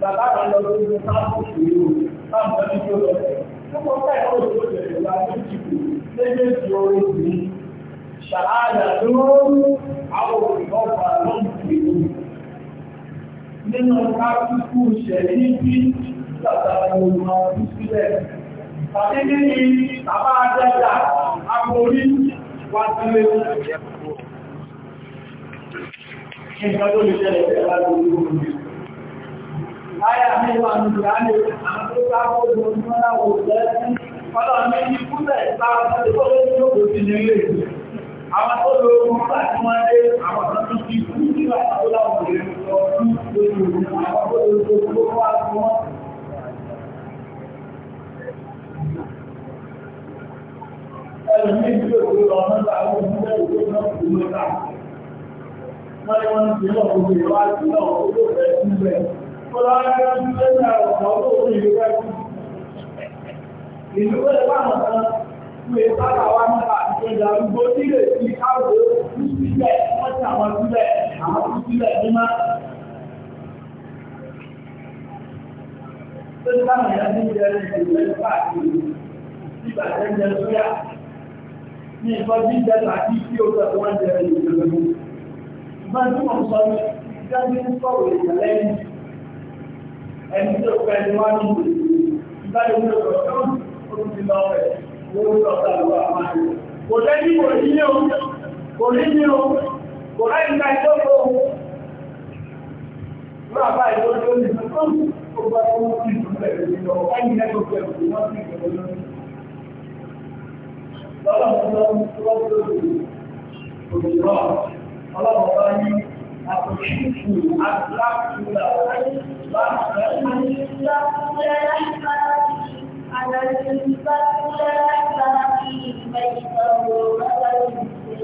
bàbá rẹ̀ lọ sí ọdún sáàpù ìlú, sáàpù ẹni tó lọ rẹ̀. Púpọ̀ pẹ̀lú òṣèlú rẹ̀ wà ní ìjìbò, léjèèjì orí ìlú, ṣàhádà lóòrùn àwọn òṣìṣẹ́ ọ̀pàá lọ́nà ìlú nínú káàkùkù ṣẹ̀lẹ̀ níbi látàrí ọmọ ìsílẹ̀. Tàbí nínú àbá àjẹ́jà agbórí wá sílé. Ìjọ́ tó lè ṣẹlẹ̀ tẹ́lá láti orí omi. Láyà mẹ́wàá ní ìrànlẹ̀ àwọn tó káàkùn ọdún mọ́lá wò lẹ́sí. Ọlọ́run ní ìkúlẹ̀ ìta ọdún tó lè ṣ Ìlú ẹ̀rọ àwọn kan pé ìjọba arúgbó nílé sí káàkiri sílẹ̀ wọ́n ti àwọn sílẹ̀ àwọn tó ní má. Tó ti báwọn ìyá ní ìjẹ́ ìjẹ́ káàkiri nígbà tẹ́ ń jẹ sóyà ní tí ń sọ̀rọ̀ ìjà lẹ́yìn ẹni tó fẹ́ ni wọ́n ní ìbáyé ní ọ̀rọ̀ tó ń ti lọ rẹ̀ owó tó lọ́wọ́ àmáyé. Kò lẹ́yìn kò ní ní kò ní ní o, kò láì gba ẹjọ́ tó ń lọ àbá ìjọ tó ń lọ tó ń kó bá tó ń fi ìlú rẹ̀ lórí lọ wọ́n ní ẹjọ́ tó ń lọ sí ìjọba lórí. lọ́wọ́ tó lọ tó lọ tó lọ ọlọ́wọ́ bá ní àpòṣìṣù àtúlákùnlá bá Thank you.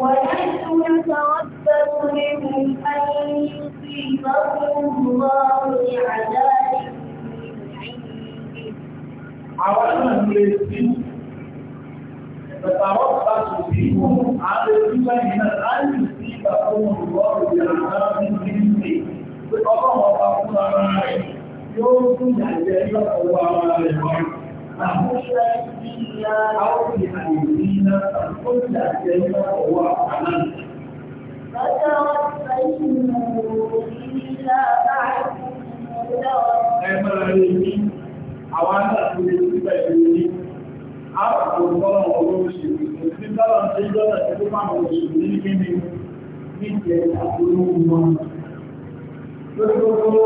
ونحن نتوفر منهم أن يصيبهم الله بعذاب من عنده أولا نريد تتوقع فيهم على الربا من أن الله بعذاب من عنده فالله أكبر يوم يجعل الله Àwọn aláàfin lè rí pẹ̀lú ní àwọn ọ̀pọ̀lọpọ̀ olóòṣèlú, ní bọ́lọ̀ tí jọ́lọ̀ tí ó máa wọ̀ ṣùgbọ́n ní kí ni ní ìjẹ́ àtúrúmù wọn. Lórí gbogbo,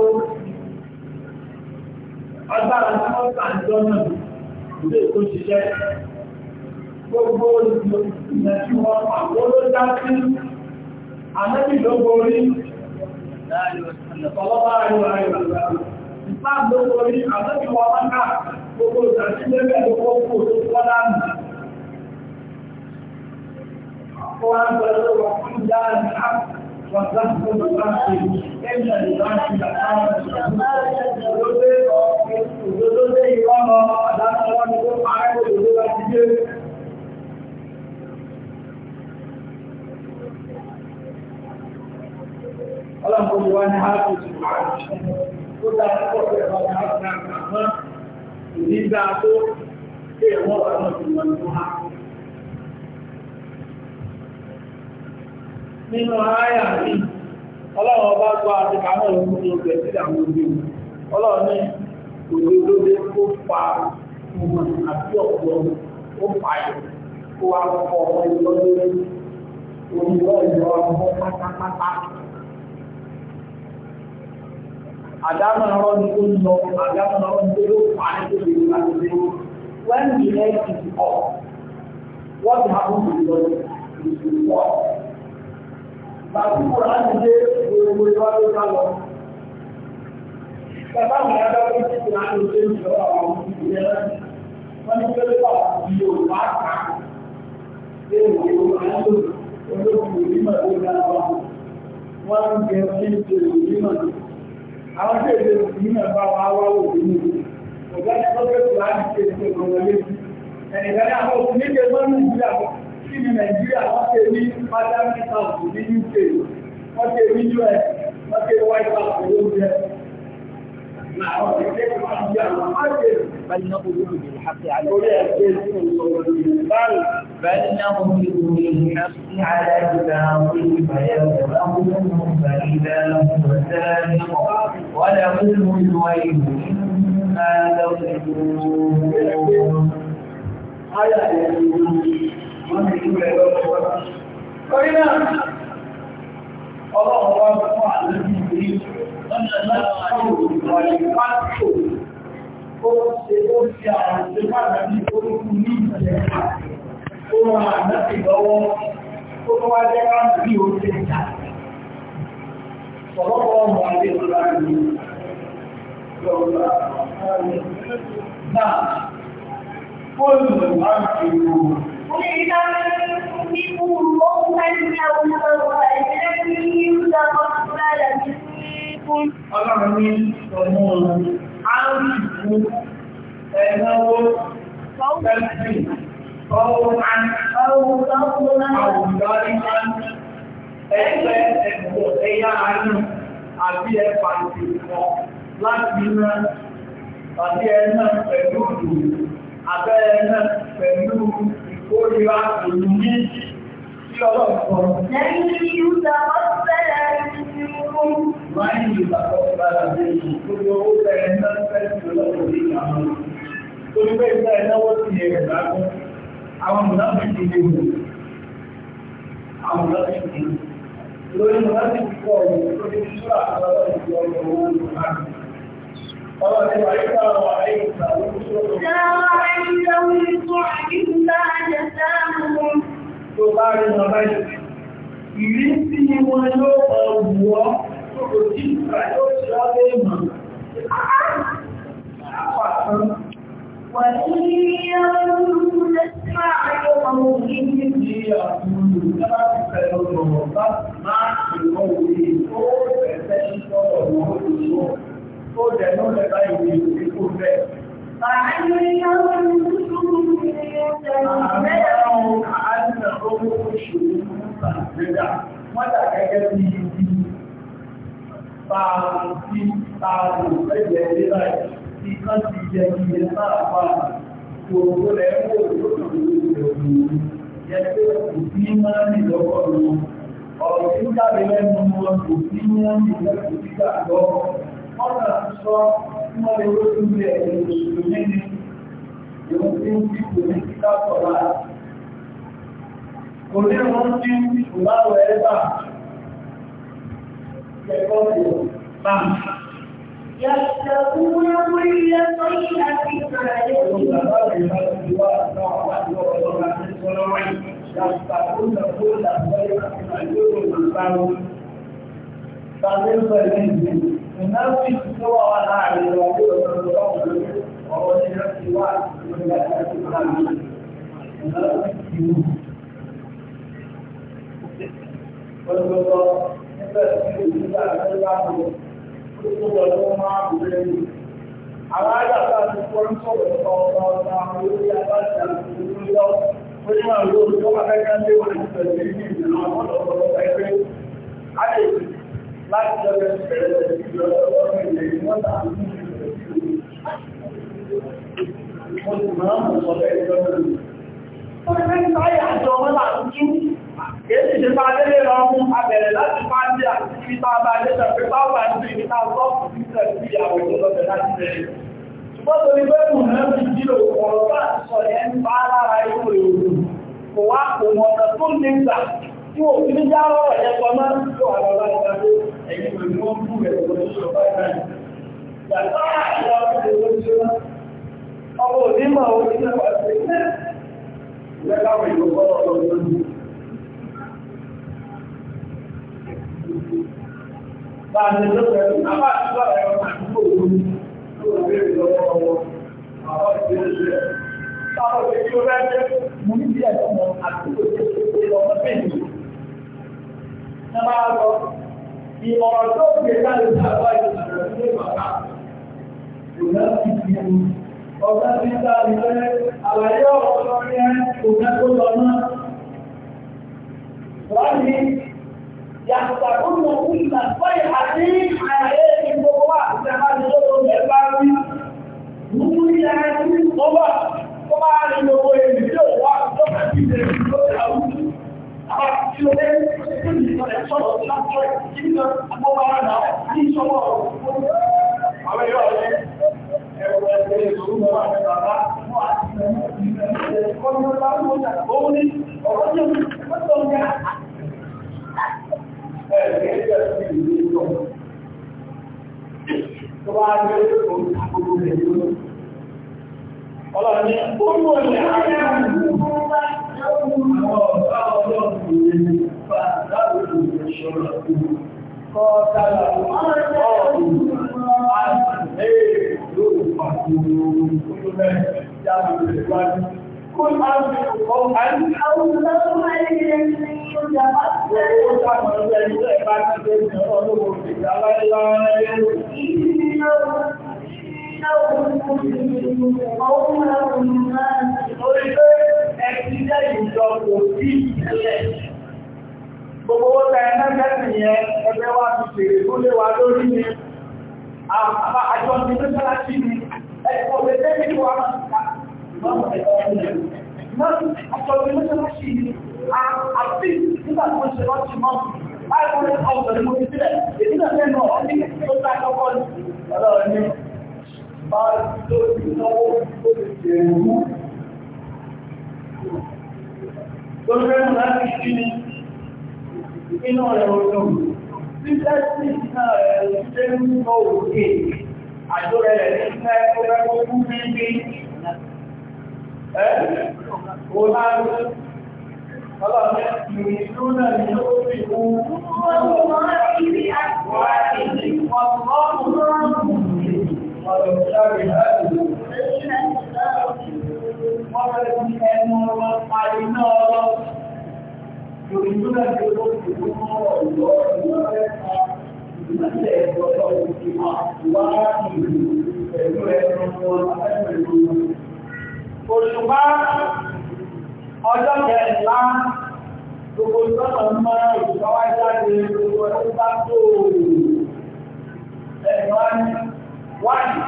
ọgbà àwọn ọ̀pàá jọ́nà ilé tó ṣiṣẹ́ gbogbo ìrìnàjí wọn àwọn olójá sí àmẹ́bì lógbò orí ọlọ́pàá àríwá àríwá ìpá lógbò orí àmẹ́bì wọn mọ́ká gbogbo ìrìnàjí lẹ́gbẹ̀ẹ́ lógbò kò tó wọ́lá nù Wọ́n ń sọ lọ́wọ́ fún ìdára ní àpò وزهد البحث إن البحث لكان Ọlọ́run kò wá ní ààbò tó dá púpọ̀ pẹ̀lú ọmọ àwọn àwọn ìdígbà tó kéèwọ́n àwọn ìwọ̀n tó hàn. nínú ààyà rí ọlọ́run ọba gbọ́ àti kàmọ́ ìlú tó sí àwọn òbí ọlọ́run ní òdòdó tó fa ọmọ àti ọ̀pọ̀ ó pààyàn kó wá fọ ọmọ lórí ọmọ pátápátá àdámọ̀ lọ àdámọ̀ pa ní lè when the head is up what happens to the body is the water Bàbúkú rà ní ilé gbogbo ìwà ló Bàbá mi yá dábọ́ sí ìlà ní ilé ìjọ àwọn ìdílé náà. Wọ́n ní pẹ́lú bàbá yìí ò kà á. Ṣé ìwé ìwà ń lò olóògùn onímọ̀ tó ga wa? Wọ́n ń jẹ kí n ṣe onímọ̀. Àwọn tí èdè onímọ̀ bá wa wá wò nínú. Ọ̀gá ìfọ́fẹ́ kò láti ṣe ìṣègùn wọlé. Ẹnìkan kí ni nàìjíríà wọ́n ṣe ní pátámì sáàtì ní uk wọ́n ṣe ní us wọ́n ṣe white house ló ń jẹ láwọn ìdílé tó máa ń jẹ àwọn máṣe. بل نقول بالحق على بل نقول بالحق على الباطل فيغرقهم فإذا هم سارق ولهم الويل مما تظلمون. Nah, full of argument. قل أنفقوا موتا أو أجرا يتقبل منكم ọlọ́run ní ọmọ ọ̀run áńkù ẹ̀nàwó pẹ̀lú ọwọ́ àwùdáríwán ẹgbẹ́ ẹ̀bọ̀ ẹ̀yà àánú àbí ẹ̀fà ìpìlọ̀ láti iná àbí ẹ̀nà pẹ̀lú òdò àbẹ́ ẹ̀nà pẹ̀lú ó rí wá pẹ̀lú ní tí ọlọ́pọ̀. Lẹ́yìn tí ó dáwọ́ bẹ̀rẹ̀ ìrìnkún. Wọ́n ní ìgbàgbọ́ bára lẹ́yìn tó lọ ó bẹ̀rẹ̀ náà fẹ́ẹ̀sì ọlọ́pọ̀ ní ìyàwó. Tó ní pé ìfẹ́ ẹ̀náwó ti ẹ̀rẹ̀ lágbó. Àwọn mùnáfíì ti lè wò. Àwọn mùnáfíì ti lè wò. Lórí mùnáfíì ti pọ̀ ọ̀rọ̀ tó ní Tó bá ó dẹ̀ ní ọ̀lẹ́ báyìí ní ìlú bẹ́ẹ̀. Àánú iná wọn ní kúrú ní ẹsẹ̀ mẹ́ta. Àwọn àánú ọmọ oṣù Nàìjíríà wọ́n dà gẹ́gẹ́ bí ibi pààrùn-sí pààrùn lẹ́gbẹ̀ẹ́ ilé báyìí tí kan ti jẹ́ bí ilé pàápàá tó owó rẹ̀ ń wò kò sí máa ọ̀nà sọ wọ́n lè rójú rẹ̀ lóṣù nínú ìwọ̀n tí ń fi kò ní kíkà sọ̀rọ̀ àti. Kò ní wọ́n tí ń fi kò láwọ̀ ẹ̀ bà kẹ́kọ̀ọ́ kò bá. يَشْتَرُونَ كُلَّ صَيْحَةٍ عَلَيْهِمْ يحفظون كل خير من عيون الله فمن فلهم المنافي سوى ولا عليه وهو نفسي واحد من والبقاء àwọn àjàkà ti fọ́n sọ̀rọ̀ ọ̀pọ̀ ọ̀pọ̀ àwọn orí àbájá ìlú lọ onímọ̀ ìlú olùkọ́ akẹ́kẹ́ lé wọn ìpẹ̀lẹ̀ ìlú ìlú àwọn ọ̀pọ̀lọpọ̀ ẹgbẹ́ láti ọjọ́ ìbẹ̀rẹ̀ ìjọba ọmọ ilẹ̀ ìwọ́ta mo sì máa mọ̀ sọ́bẹ̀ ìjọba ó ní pé táyà àjọ wọn láti tú èsì ti bá délé lọ fún abẹ̀rẹ̀ láti bá ń dé àti ibi tá a bá dé sọ pé bá wà ní ibi tá a sọ fún títẹ̀ sí ìyàwó tó lọ́bẹ̀ láti bẹ̀rẹ̀ ṣùgbọ́n torí pé kù náà fi jílò ọ̀rọ̀ bá sọ yẹn ń bá lára ìwé òòrùn kò wá kò mọ̀ ọ̀nà tó lè gbà tí ó ti ní járọ́ ẹ̀kọ́ máa ń tó àwọn ọlọ́dá tó ẹ̀yìn pẹ̀lú wọn bú rẹ̀ lórí ọ̀pá ìrìn Ìgbàtá àwọn ọmọdé lórí ṣọ́lá, ọmọ òdímọ̀ òdí mẹ́wàá sí ilé, ìgbẹ́láwọ̀ ìgbọ́gbọ́ ọlọ́dún lórí. Bá a ní lọ́pẹ̀ ẹ̀rọ, a máa ti lọ́pẹ̀ ẹ̀rọ máa ń tó òun lórí ìbéèrè lọ́wọ́ ọwọ́, àwọn ìbéèrè rẹ̀. Táwọn òṣèlú rẹ̀ jẹ́ mú ní bí ẹ̀kọ́ mọ́ àti òṣèlú rẹ̀ lọ́pẹ̀ ẹ̀rọ ní bá lọ ìmọ̀ràn tó gbé láti sábà ìgbàlódé ní bàbá kò náà ti fi mu ọ̀gá ti ń ta ìfẹ́ àlàyé ọ̀rọ̀ lórí ẹ̀ kò náà tó lọ náà. wọ́n ní yàtọ̀ àkókò ìgbà fọ́yì àti àyè ìgbòho wà sí àbájọ́ tó lọ bá rí. Nínú ilé ẹni sọ̀rọ̀ láti ọ̀rẹ́ kí ní ọgbọ́n ara náà ní ìṣọ́wọ́ òwú olùrẹ́mù láti ṣí ní inú ọ̀rẹ́ ọdún títẹ́sì náà rẹ̀ ṣe ń mọ́ òkè àjò rẹ̀ ní ṣẹ́ ọ̀rẹ́ ọdún bíbí ẹ́ ọlọ́run ọlọ́run ìrìnlú náà ni ó fi kú ọlọ́run ìrìn àkọ́ àti ìwọ̀n wọ́n fẹ́ fi ẹnu ọlọ́ pa iná ọlọ́. Yorùbá náà ti ló ti mú ọ̀rọ̀ ìlọ́ ìlọ́rẹ́ kan ìgbésẹ̀ ìgbọ́dọ̀ òkè máa wá ìlú pẹ̀lú ẹnu wọn afẹ́fẹ́ ìlú wọn. Òṣùpá ọjọ́ kẹrìnlá gbogbo sọ́nà mọ́ ìgbáwájáde gbogbo ọdún bá tó ẹ̀rọ wáyé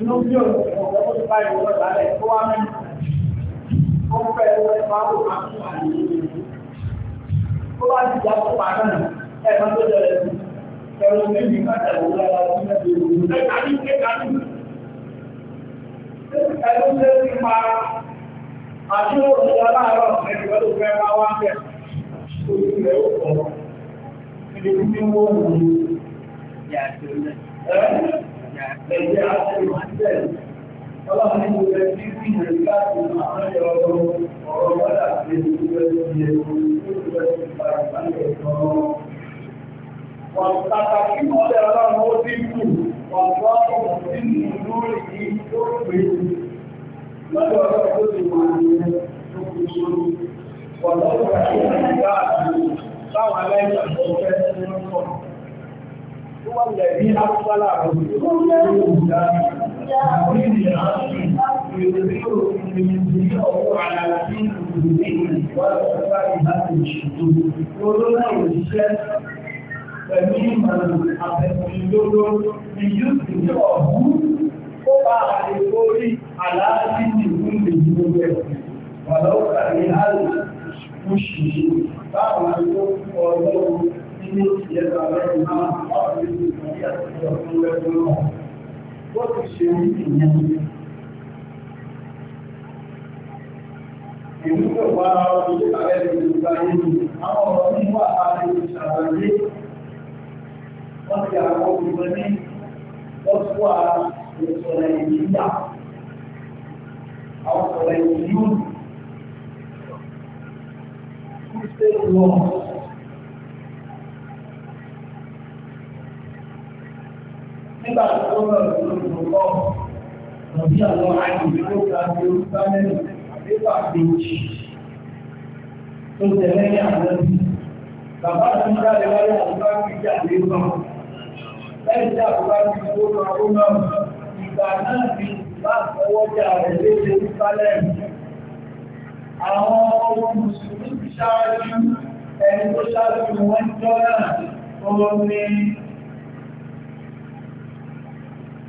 inú bí òṣùpá ìwọ̀n lálẹ́ tó wá mẹ́rin ó ń fẹ́ ẹgbẹ́ máa wò máa fún ọlọ́run ní ìwé tí kí ní láti máa ń yọ ọ̀rọ̀ ọ̀rọ̀ wọ́n àti ìwé tí ẹ̀ ìwé tí ìgbà ìgbàlẹ̀ ọ̀rọ̀. Wọ́n pàtàkì mọ́lẹ̀ ọlọ́run ó dín kù, wọ́n gbọ́ ọ̀rọ̀ sínú lórí yìí tó pè é. Lọ́dọ̀ ọ̀rọ̀ tó ti wà ní ẹ̀ tó kù sórí. Wọ́n lọ́wọ́ àti ìgbà àti táwọn aláìsàn tó fẹ́ sí ń pọ̀. Wọ́n lẹ̀ ní Pẹ̀lú ìmọ̀ràn àbẹ̀sìlógó ni yóò sì ní ọ̀hú ó bá àti orí àlàájí ìlú ìlú ẹ̀sìn. Wàlọ́kà ní àrùn òṣìṣì báwọn tó ọlọ́run nínú ìyẹ́ta lẹ́yìn máa ń pàdé ìgbàlẹ́ àti ọ̀tún lẹ́gbẹ̀rún. todo cheio de menino. E nunca para que você de parece que está indo, a hora de guardar a que está ali, quando que a roupa para mim, posso guardar, eu sou lá em Dia, ao sou lá em Dia, o ser humano, nígbà tó lọ ìlú kọ́ lọ́bí àwọn àìsí tó ga ní orúkọ lẹ́nu nípa kejì tó tẹ̀lé ní àlọ́bí. Bàbá àti jáde wáyé àbúrá ti jáde lọ. Lẹ́yìn tí àbúrá ti tó lọ ó lọ, ìgbà náà ni bá fọwọ́jà rẹ̀ léde orúkọ lẹ́nu. Àwọn ọmọ Mùsùlùmí ṣáájú ẹni tó ṣáájú wọn jọ náà, òun ni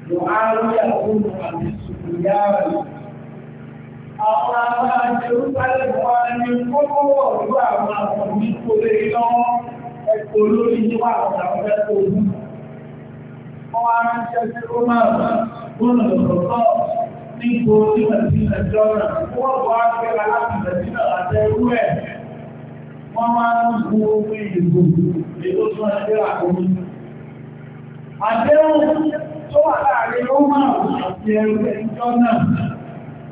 Mu'awiya fún àti Sùfìyàrá. Àwọn ará Jerúsálẹ̀ wá ní kókó ọ̀dọ́ àwọn àkọ̀bí tó lè lọ́wọ́ ẹ̀kọ́ lórí níwà àwọn àwọn ẹ̀kọ́ ogun. Wọ́n wá ránṣẹ́ sí Rómàrà, Bọ́nà Lọ́kọ̀, nípo ní Mẹ̀sínà Jọ́nà, wọ́n bọ́ tó wà láàrin Rómà àti ẹgbẹ́ ìjọ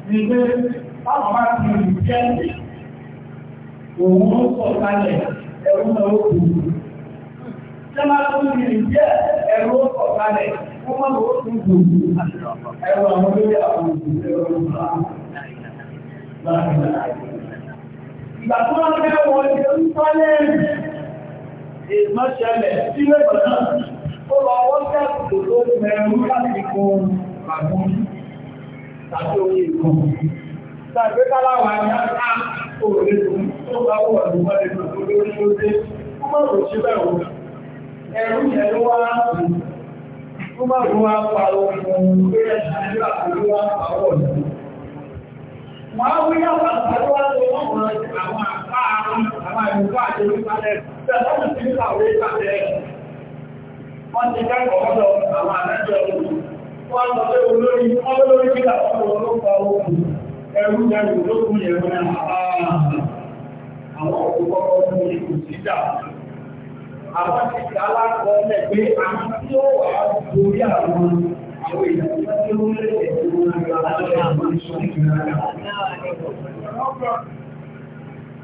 ní pé báwọn bá ti rí jẹ́ òun ó sọ kalẹ̀ ẹ̀rú náà ó kù. Jẹ́má tó ti rí jẹ́ ẹ̀rú ó sọ kalẹ̀ wọ́n mọ̀ ó tún kù ẹ̀rọ àwọn olóyè àwọn òṣìṣẹ́ Rómà. Ìgbà tó wọ́n fẹ́ wọ́n ti ń tọ́lẹ̀ ìmọ̀ṣẹ̀lẹ̀ ó lọ ọwọ́ sẹ́ẹ̀kù tó tó mẹ́rin láti gun àwọn tàbí àwọn àwọn wọ́n ti kẹ́kọ̀ọ́ àwọn àdájọ́ ọ̀hún. Wọ́n sọ pé olórí olórí àwọn olópa ogun ẹrú jẹ́rù lókun yẹn wọn àwọn òkúkọ́ ọdún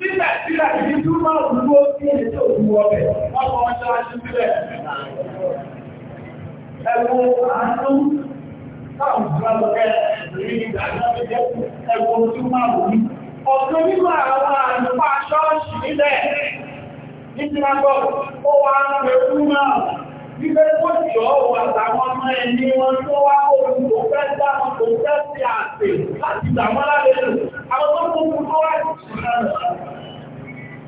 sí nàìjíríà ní túnmọ̀ òwúrò tí èdè tó wù ọbẹ̀ ọmọ ọjọ́ aṣíbílẹ̀ ẹwọ àánú Ọ̀tún nínú àwọn àlùfà ṣọ́ọ̀ṣì nílẹ̀ ní Sinagọ́, ó wá ń pè fún náà wípé kó tí ó wà láwọn ọmọ ẹni wọn tó wá oòrùn tó fẹ́ dáwọn tó fẹ́ sí àpè láti dàmọ́lá lẹ́lù.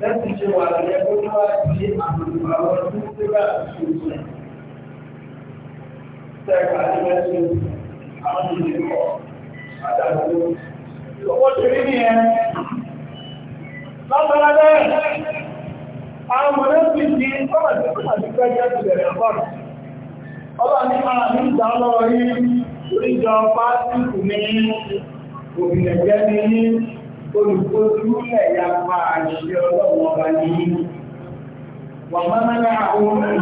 kasancewa da ya kuma ce a mabawar tuttura a cikin suna sai ka alimarci a wani ne ko a dabaru to wata ní ìjà ọlọ́rọ̀ yìí oríjọ ní jẹ́ ní olùkójúlẹ̀ ya pa àṣẹ ọlọ́wọ́ ọba ní wà máa ní àwọn Wọ́n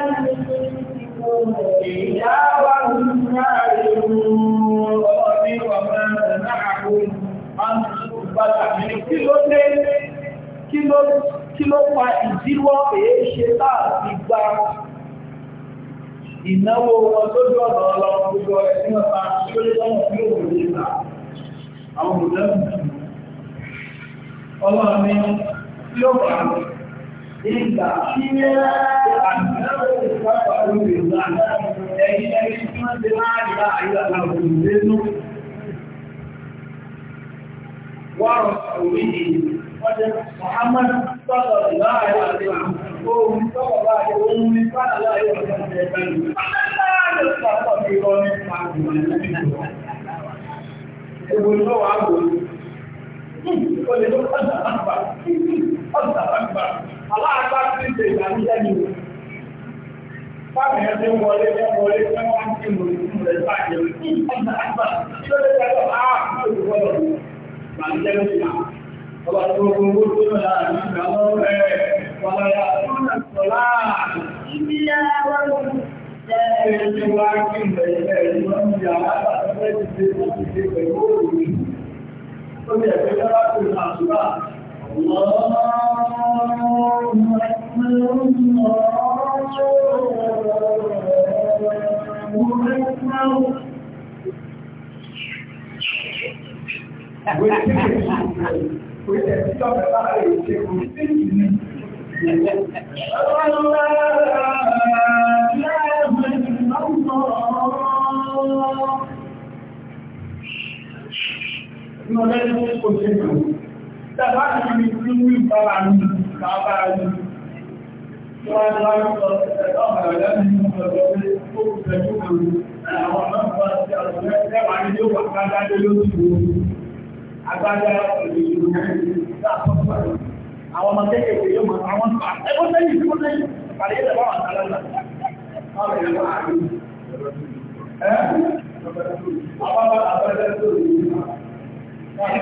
yára ní إلا وهم يعلمون وما منعهم أن تقبل kí ló dé kí ló kí ló fa ìdíwọ́ èé ṣe láti gba ìnáwó wọn lójú ọ̀nà ọlọ́run gbogbo ẹ̀ tí tí ó lé lọ́wọ́ tí ó lè ta àwọn òdẹ́mù ọlọ́run ní tí ó bá Ìgbà tí Wọ́n orí ọdún Muhammad sọ́lọ̀ láàrin àti ohun sọ́lọ̀ láàrin ohun ní fàdà láàrin ọ̀sẹ̀ ẹgbẹ̀rẹ̀ ìgbẹ̀rẹ̀. Láàrin ọ̀sẹ̀ àpọ̀ ìrọ̀ nípa ìgbẹ̀rẹ̀ ìgbẹ̀rẹ̀. Egbò lọ́wọ́ àgbò olè ló ọ̀sà àgbà ọ̀sà àgbà aláàgbà ti ṣe ìdánilẹ́nu fáwọn ẹgbẹ́ wọlé ẹ wọlé ẹ wọ́n ti mú ìmúlẹ̀ báyìí ọ̀sà àgbà tí ó lè tẹ́lọ̀ á mú ìwọ́lọ̀ ìbànújẹ́ ló yà ọba tó gbogbo tó lọ yà ní ìgbàlọ́ rẹ̀ wọ́n yà tó nà sọ̀lá ìbílẹ̀ wọn Ẹni tí wá kí ìgbẹ̀yẹ̀ ìwọ́n ti àwọn àbàtà fẹ́ ti ṣe ìṣe pẹ̀lú òòrùn lórí ẹ̀fẹ́ lára pè ní àṣùbà Thank you. ìmọ̀ lẹ́nu kò ṣe kù. Àwọn ọlọ́pàá ti yóò wà kájáde lóṣù òru. Agbájá tí wọ́n lẹ́yìn pàdé yẹn lọ́wọ́ àtàlọ́lá. Àwọn ìyàwó Ẹ́ Bàtọ́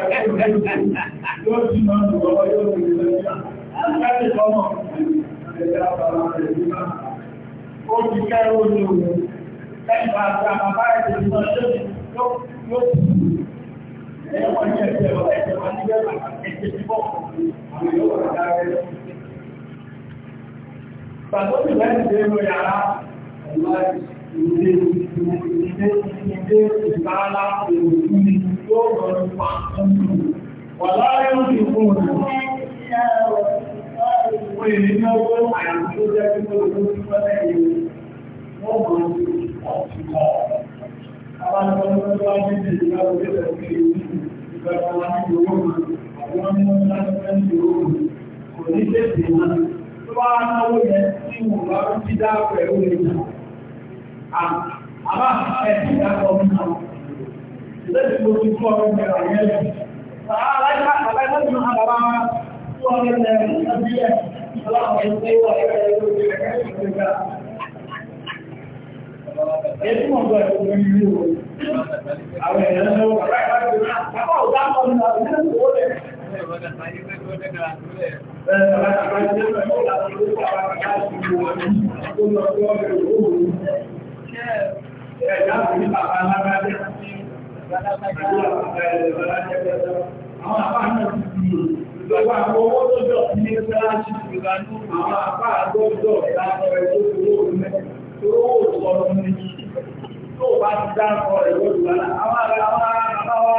ti lẹ́yìn tí ó yàrá, ọ̀lá ìṣẹ́ ilé ilé tó jẹ́ náwó yẹn tí wọ́n bá ń ti pẹ̀lú ìjọba àbá ẹ̀sìn ìdákọ̀ ọdún náà lẹ́sìn tó ti kọ́ ọdún ẹ̀rọ yẹn lọ. Sàá aláìsá aláìsá ti máa bàbá wa tó ọdún ẹ̀rọ ìtàbílẹ̀ ọlọ́run ẹ̀sìn ìwọ̀ ẹ̀rọ ìlú ìrẹ̀kẹ́ ìgbẹ̀gbẹ̀. Èyí mọ̀ gbọ́ ẹ̀kọ́ ní ìlú àwọn èèyàn lọ́wọ́ bàbá ọ̀gá mọ̀ ẹ̀dá àwọn àbá náà ti di ìjọba owó tó jọ sí ní sáájú ìlànà àwọn àbá àgbọ́jọ ìlànà ẹ̀kọ́ owó rẹ̀ tó owó sọ̀rọ̀ ní tó bá ti dáàbọ̀ ẹ̀rọ ìlànà àwọn àbá wa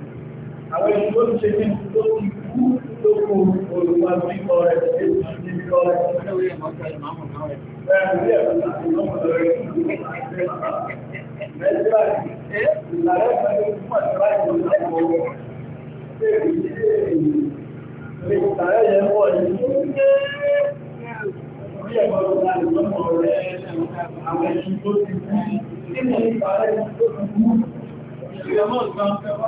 àwọn èyí tó ń ṣe ní tó ti kú tó kú olùwà bí ọ̀rẹ́ ṣe ti bí ọ̀rẹ́ Àwọn ẹ̀ṣin tó ti kú, kí ni ìpàrẹ́ ìṣòkùnkú? Ìrẹ̀mọ́ ìgbà ọ̀fẹ́ wá.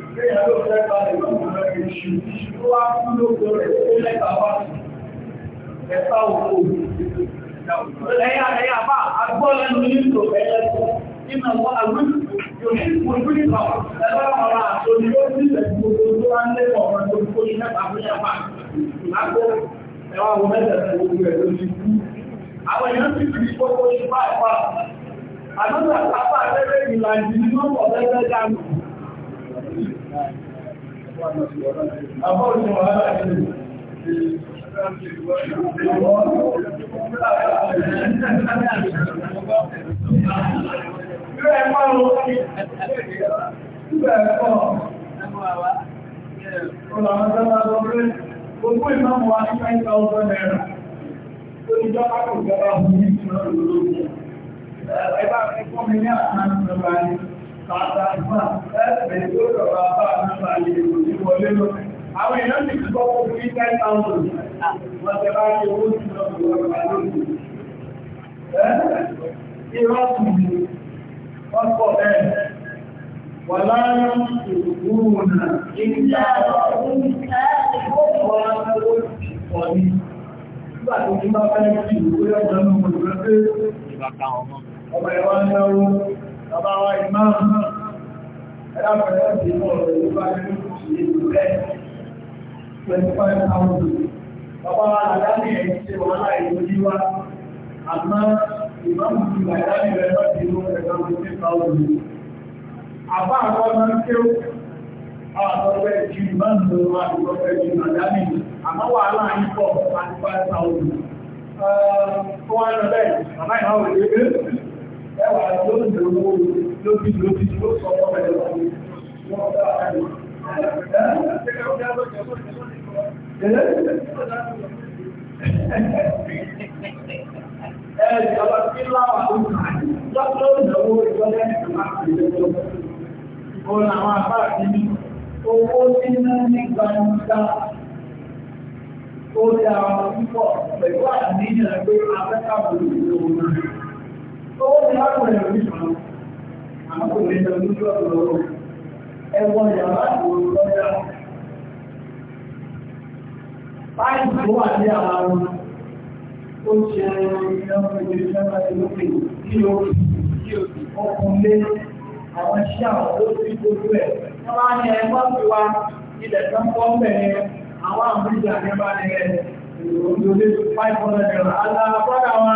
Ẹ̀ta òkú. Ẹ̀yà ẹ̀yà bá agbọ́lẹ̀ ní ìlò ẹ̀lẹ́kọ́. Ìmọ̀ àwọn àwọn yóò ní ìpòjú nípa ẹgbẹ́ ọ̀rọ̀ àtò ni ó sì lẹ̀ gbogbo tó wá ń lé ọ̀rọ̀ tó kó ní mẹ́ta fún yàpá. Lágbó ẹwà wọ mẹ́ta fún gbogbo ẹ̀ ló ti kú. Àwọn èèyàn sì fi gbogbo ṣùgbọ́n àpá. Àdúgbò àpapọ̀ àtẹ́rẹ́ ìlànà ìlú ọ̀pọ̀ Gbogbo ìmáàmù wa ní 5,000 naira. Ó ti jọ́ pápò ìjọba ọmọ ní ìsinmi lórí. Ẹgbà ẹgbọ́n mi ní àtàrí ìjọba ní bàtà ìgbà ẹ̀ẹ́dẹ̀ tó rọ̀rọ̀ bá nípa ìrìnàjò ní wọlé lọ. Àwọn èèyàn ti kọ́ fún ní ten thousand. Wọ́n ti bá ní owó tí wọ́n fi wọ́n bá lónìí. Irọ́ kù ní wọ́n pọ̀ bẹ́ẹ̀. Wọ́n láyé ìrùkúrù náà. Ìjà ọ̀hún ní ẹ̀ẹ́dẹ̀ Nígbà tó ti bá fẹ́ kí ìwé ọjọ́ náà mọ̀ lọ́pẹ́ bàbá wa ìmáàmù ẹ̀dàpẹ̀lẹ́ ọ̀sẹ̀ ìmọ̀ rẹ̀ ló bá nínú ìṣe ìlú rẹ̀ twenty five thousand bàbá wa àdáni ẹ̀ ń ṣe wàhálà ìlú yíwá àmọ́ ìmáàmù ti wà ìdáni rẹ̀ lọ́sẹ̀ ìlú rẹ̀ lọ́wọ́ twenty thousand àbá àwọn ọmọ ń kéwò àwọn àtọ́fẹ́ ju ìmáàmù lọ àtọ́fẹ́ ju àdáni àmọ́ wàhálà yìí pọ̀ twenty five thousand. Wọ́n bẹ́ẹ̀, bàbá ìmáàmù lè gbé ẹwà lóòdì owó lóbi lóbi tó sọ ọmọ ẹ̀ lọ sí wọn bá a lè. Ẹ̀ẹ́dì ọba tí láwà ló kà ní lọ́pọ̀ ìdánwò ìjọba ìjọba ìjọba. Òun àwọn apá àti owó tí náà ní gbangba ó dá ọmọ púpọ̀ pẹ̀lú àníyàn pé afẹ́ká bòlù ìlú òun náà. Owó ti lákùnrin ẹ̀rọ ìṣòro, àmọ́ kò ní ẹ̀rọ lójú ọ̀dọ̀ lọ́wọ́. Ẹ̀wọ̀n ìyàrá ìwòrò lọ́jà. Báyìí tó wà ní àwọn arun, ó ṣe ìrìnàmọ́ ìgbésẹ́mọ́ ìlúpẹ̀ kí ó kí ó sì ọkùnlé àwọn iṣẹ́ àwọn tó ti gbogbo ẹ̀. Wọ́n máa ní ẹgbọ́n ti ẹ̀ ìròyìn olóṣù 500 naira. Alábọ́dà wa.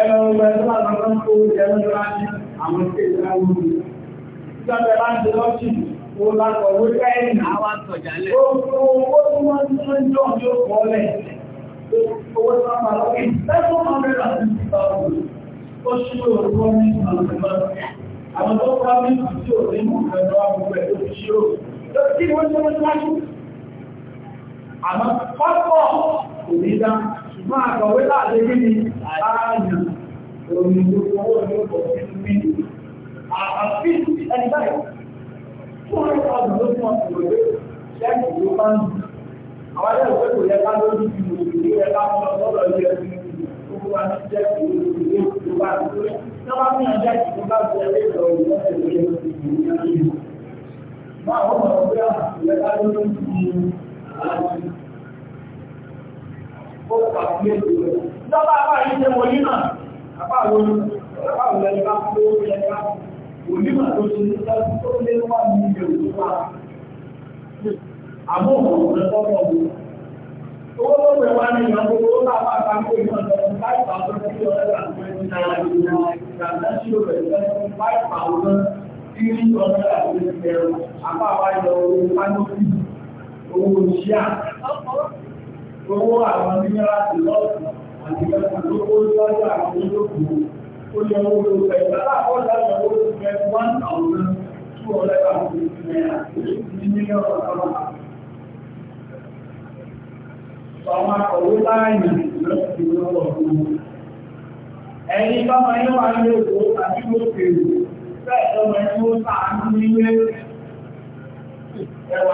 ẹ̀rọ ọgbà ẹ̀rọ àgbàgbà ń kó ẹ̀rọ ìjọba ní àwọn ìṣe ìlà òru. Ìjọba bá ń ṣe lọ́sì tó lákọ̀ owó kẹ́yìn náà wá sọ̀jálẹ̀. Ó fún owó tí wọ́n ń tún ń jọ̀ ní òkú ọlẹ̀. Owó tí wọ́n máa lọ́kì seven hundred and fifty thousand. Ó ṣí òòrùn ní àwọn tó kọ́ ní ìtúsí òní mú ẹ̀rọ tó fi ṣírò. Kí Àmọ́ pápọ̀ kò ní dá máa kọ̀wé láti rí ni àárín omi gbogbo owó ní ọkọ̀ sí ní àfi ẹni báyìí tó ń lọ ọdún ló fún ọkùnrin rẹ ṣẹ́ẹ̀kì ló bá ń dùn àwọn ẹgbẹ́ ìwé kò yẹ ká lójú ju òṣèlú yẹ ká mọ lọ́dọ̀ yẹ kí gbogbo wa ní ṣẹ́ẹ̀kì òṣèlú tó bá ń dùn tí wọ́n fi hàn jẹ́ẹ̀kì tó bá ti ẹgbẹ́ ìlọ ìwé ìwé ìwé ìwé ìwé máa wọ́n mọ̀ ọ́ pé àwọn ìwé ká lójú ju àti ó kàwé lórí rẹ̀. Ìjọba àbá yìí ṣe wọ̀nyí náà, àbá àwọn ọ̀rọ̀ àwọn ẹ̀ka tó ẹ̀ka onímọ̀ tó ṣe ní sẹ́yìn tó lé wà ní ilé òkú wa. Àmọ́ òun rẹ̀ tọ́pọ̀ mu. Owó tó pè wá ní ìyàwó owó náà bá ta kó ìmọ̀ ìjọba five thousand three hundred and twenty naira ní ìlú Gàdáṣíò rẹ̀ sẹ́yìn five thousand three hundred and twenty naira. Àbá wa yọ owó Sanofi, owó Ṣíà owó àwọn mínírààtì lọ́sùn àti mẹ́sàn tó kó lọ́jọ́ àwọn olókùn ó lè owó ló fẹ́ ìgbàlá àkọ́jà lè fẹ́ one thousand two hundred àti òkèèrè bẹ́ẹ̀ tọ́mọ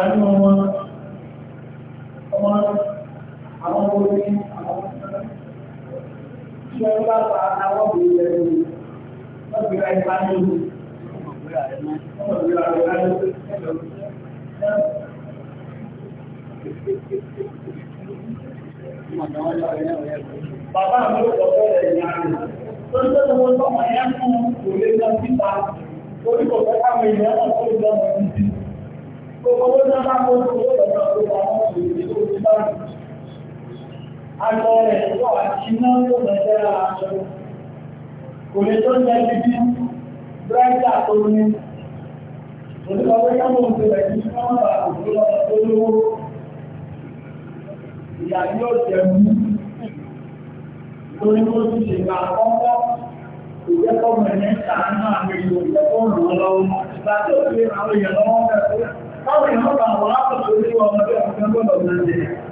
yín ó ọmọ ọmọ àwọn ọmọ ní àwọn ṣẹ́ bá pa àwọn ọmọ ìlú ẹ̀rọ wọ́n fi ra ìpa ní ìlú wọ́n fi ra ìpa ní ìlú Bàbá mi ló kọ̀ọ̀kọ́ rẹ̀ ní àárín. Tó ń tẹ́lẹ̀ wọn tọ́mọ ẹ̀yà fún kò lè lọ síta. Orí káwọn ènìyàn náà tó lọ́mọ títí. Gbogbo owó náà bá kó tó owó lọ́mọ kò lè tó ti bá aṣọ rẹ̀ wà iná tó mẹ́tẹ́ra aṣọ kò lè tó jẹ́ bíbí bíráìtà tó ní olùkọ́wé káwọn òṣèlú rẹ̀ ní kọ́mọ̀bà òṣèlú ọ̀sẹ̀ tó lówó ìyá yóò jẹ́ mú lórí ó ti ṣègbà àkọ́kọ́ ìjẹ́kọ́ mẹ́rin ṣàánú àwọn èèyàn ìjẹ́kọ́ ràn lọ́wọ́ láti òṣèlú àwọn èèyàn lọ́wọ́ mẹ́rin káwọn èèyàn bá wọ́n látọ̀ lórí ọmọdé ọ̀sẹ̀ gbọ́dọ̀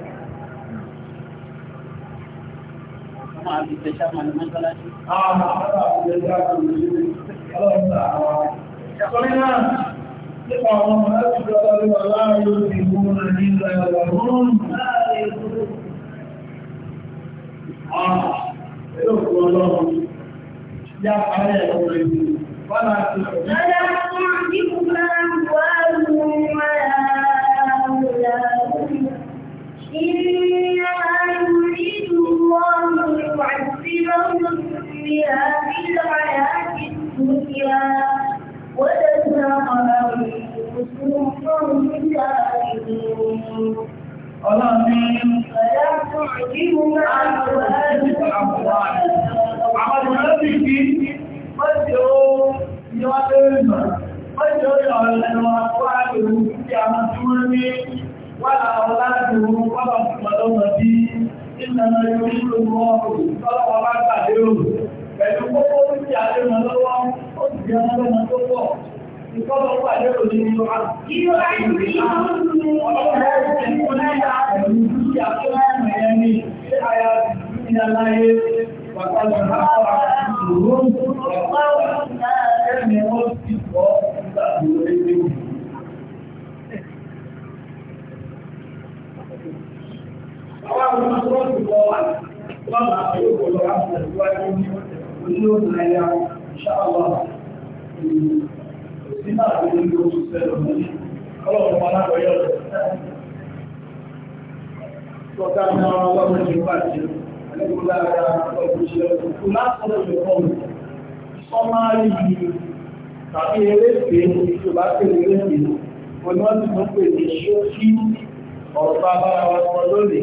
fún àbí ìfẹ̀ṣà màá ní mọ́sálásí. Torí náà, nípa àwọn ọmọ láti fi ọlọ́ lé wa láàárín òbí ìgbóhùn ní ìlà ìwà rúrùn láàárín ìgbóhùn. Àwọn ẹ̀rọ ìgbóhùn yá parẹ́ ẹ̀rọ ìgbóhùn. Wọ́n láti يوم بها في الحياة الدنيا وتزهق أنفسهم Ọlọ́run àwọn ìrọ́bì kí mọ́jọ́ ìyọ́dé ìmọ̀, mọ́jọ́ ìrọ̀lẹ́wọ̀ àwọn àgbèrú tí a máa tí wọ́n ní wà láwọn láti wọ́n wọ́n bá fún ọlọ́mọdé ìnànà ìrìnlò wọn lọ́wọ́ bá pàdé o pẹ̀lú kókó tí a lè mọ̀ lọ́wọ́ ó sì jẹ́ wọn lọ́mọ tó pọ̀ ìkọ́lọ̀ pàdé o ní ìlú a. ìlú a ìlú ìlú ọ̀rọ̀ ìlú náírà pẹ̀lú dúkìá tó mọ̀ ẹ́ ní ṣé àyà ìdílé aláyé pàtàkì àwọn àti ìlú ọ̀rọ̀ ẹ̀mí ó ti pọ̀ nígbà tó lé Ọlọ́run máa tó ń bọ̀ wá lọ́nà àwọn yóò lọ láti tẹ̀síwájú ní ojú òkú ẹ̀yà ìṣàlọ́ sí náà ló ń lo oṣù tẹ́lẹ̀ mọ́ ní Ọlọ́run máa lábọ̀ yọ̀ Tọ́ka ní àwọn ọlọ́run ti wá jẹ, àlẹ́kùn lára ọ̀pọ̀ ìṣẹ́ òkú lásán lè kọ́ mi. Sọ́márì tàbí eréfèé ìṣòbá pèlè eréfèé, òní wọ́n ti mọ́ pèlè ṣó kí ọ̀rọ̀ bá bára wa sọ lónìí.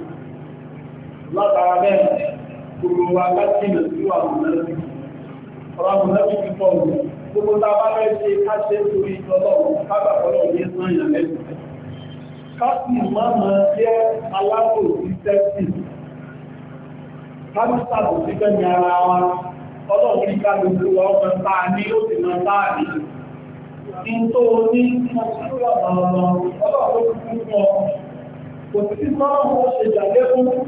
látara bẹ́ẹ̀ gbogbo wa láti ìlú sí wà mọ̀lẹ́bí ọ̀rọ̀ mọ̀lẹ́bí ti pọ̀ ní gbogbo tá a bá fẹ́ ṣe ká ṣe torí ìtọ́lọ́run kágbà pọ̀lọ́ yé sán ìyàn lẹ́nu ká sì má máa jẹ́ alábò sí sẹ́sì ká sì sàbò sí fẹ́mi ara wa ọlọ́run ní ká gbogbo ọmọ táa ó sì máa táa ìtò ní ọlọ́run tó kú fún ọ kò sí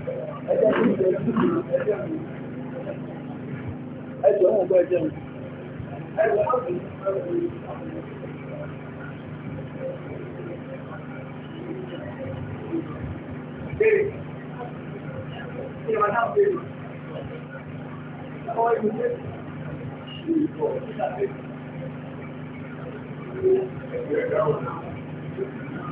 ẹjẹ́ mi ẹjẹ́ mi ẹjẹ́ mi ẹjọ́ mọ̀ bọ́ ẹjẹ́ mi ẹjọ́ mọ̀ bọ́ ẹjẹ́ mi. Béèrè, kí ni màá náà béèrè? Ọwọ́ ìlú dé, ṣe ìbọ̀, ṣe ìdàgbé. Thank you.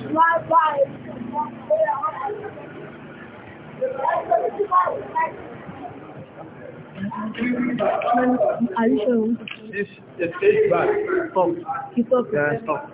Are you sure? This, the take back. Stop. Stop. Yeah, stop.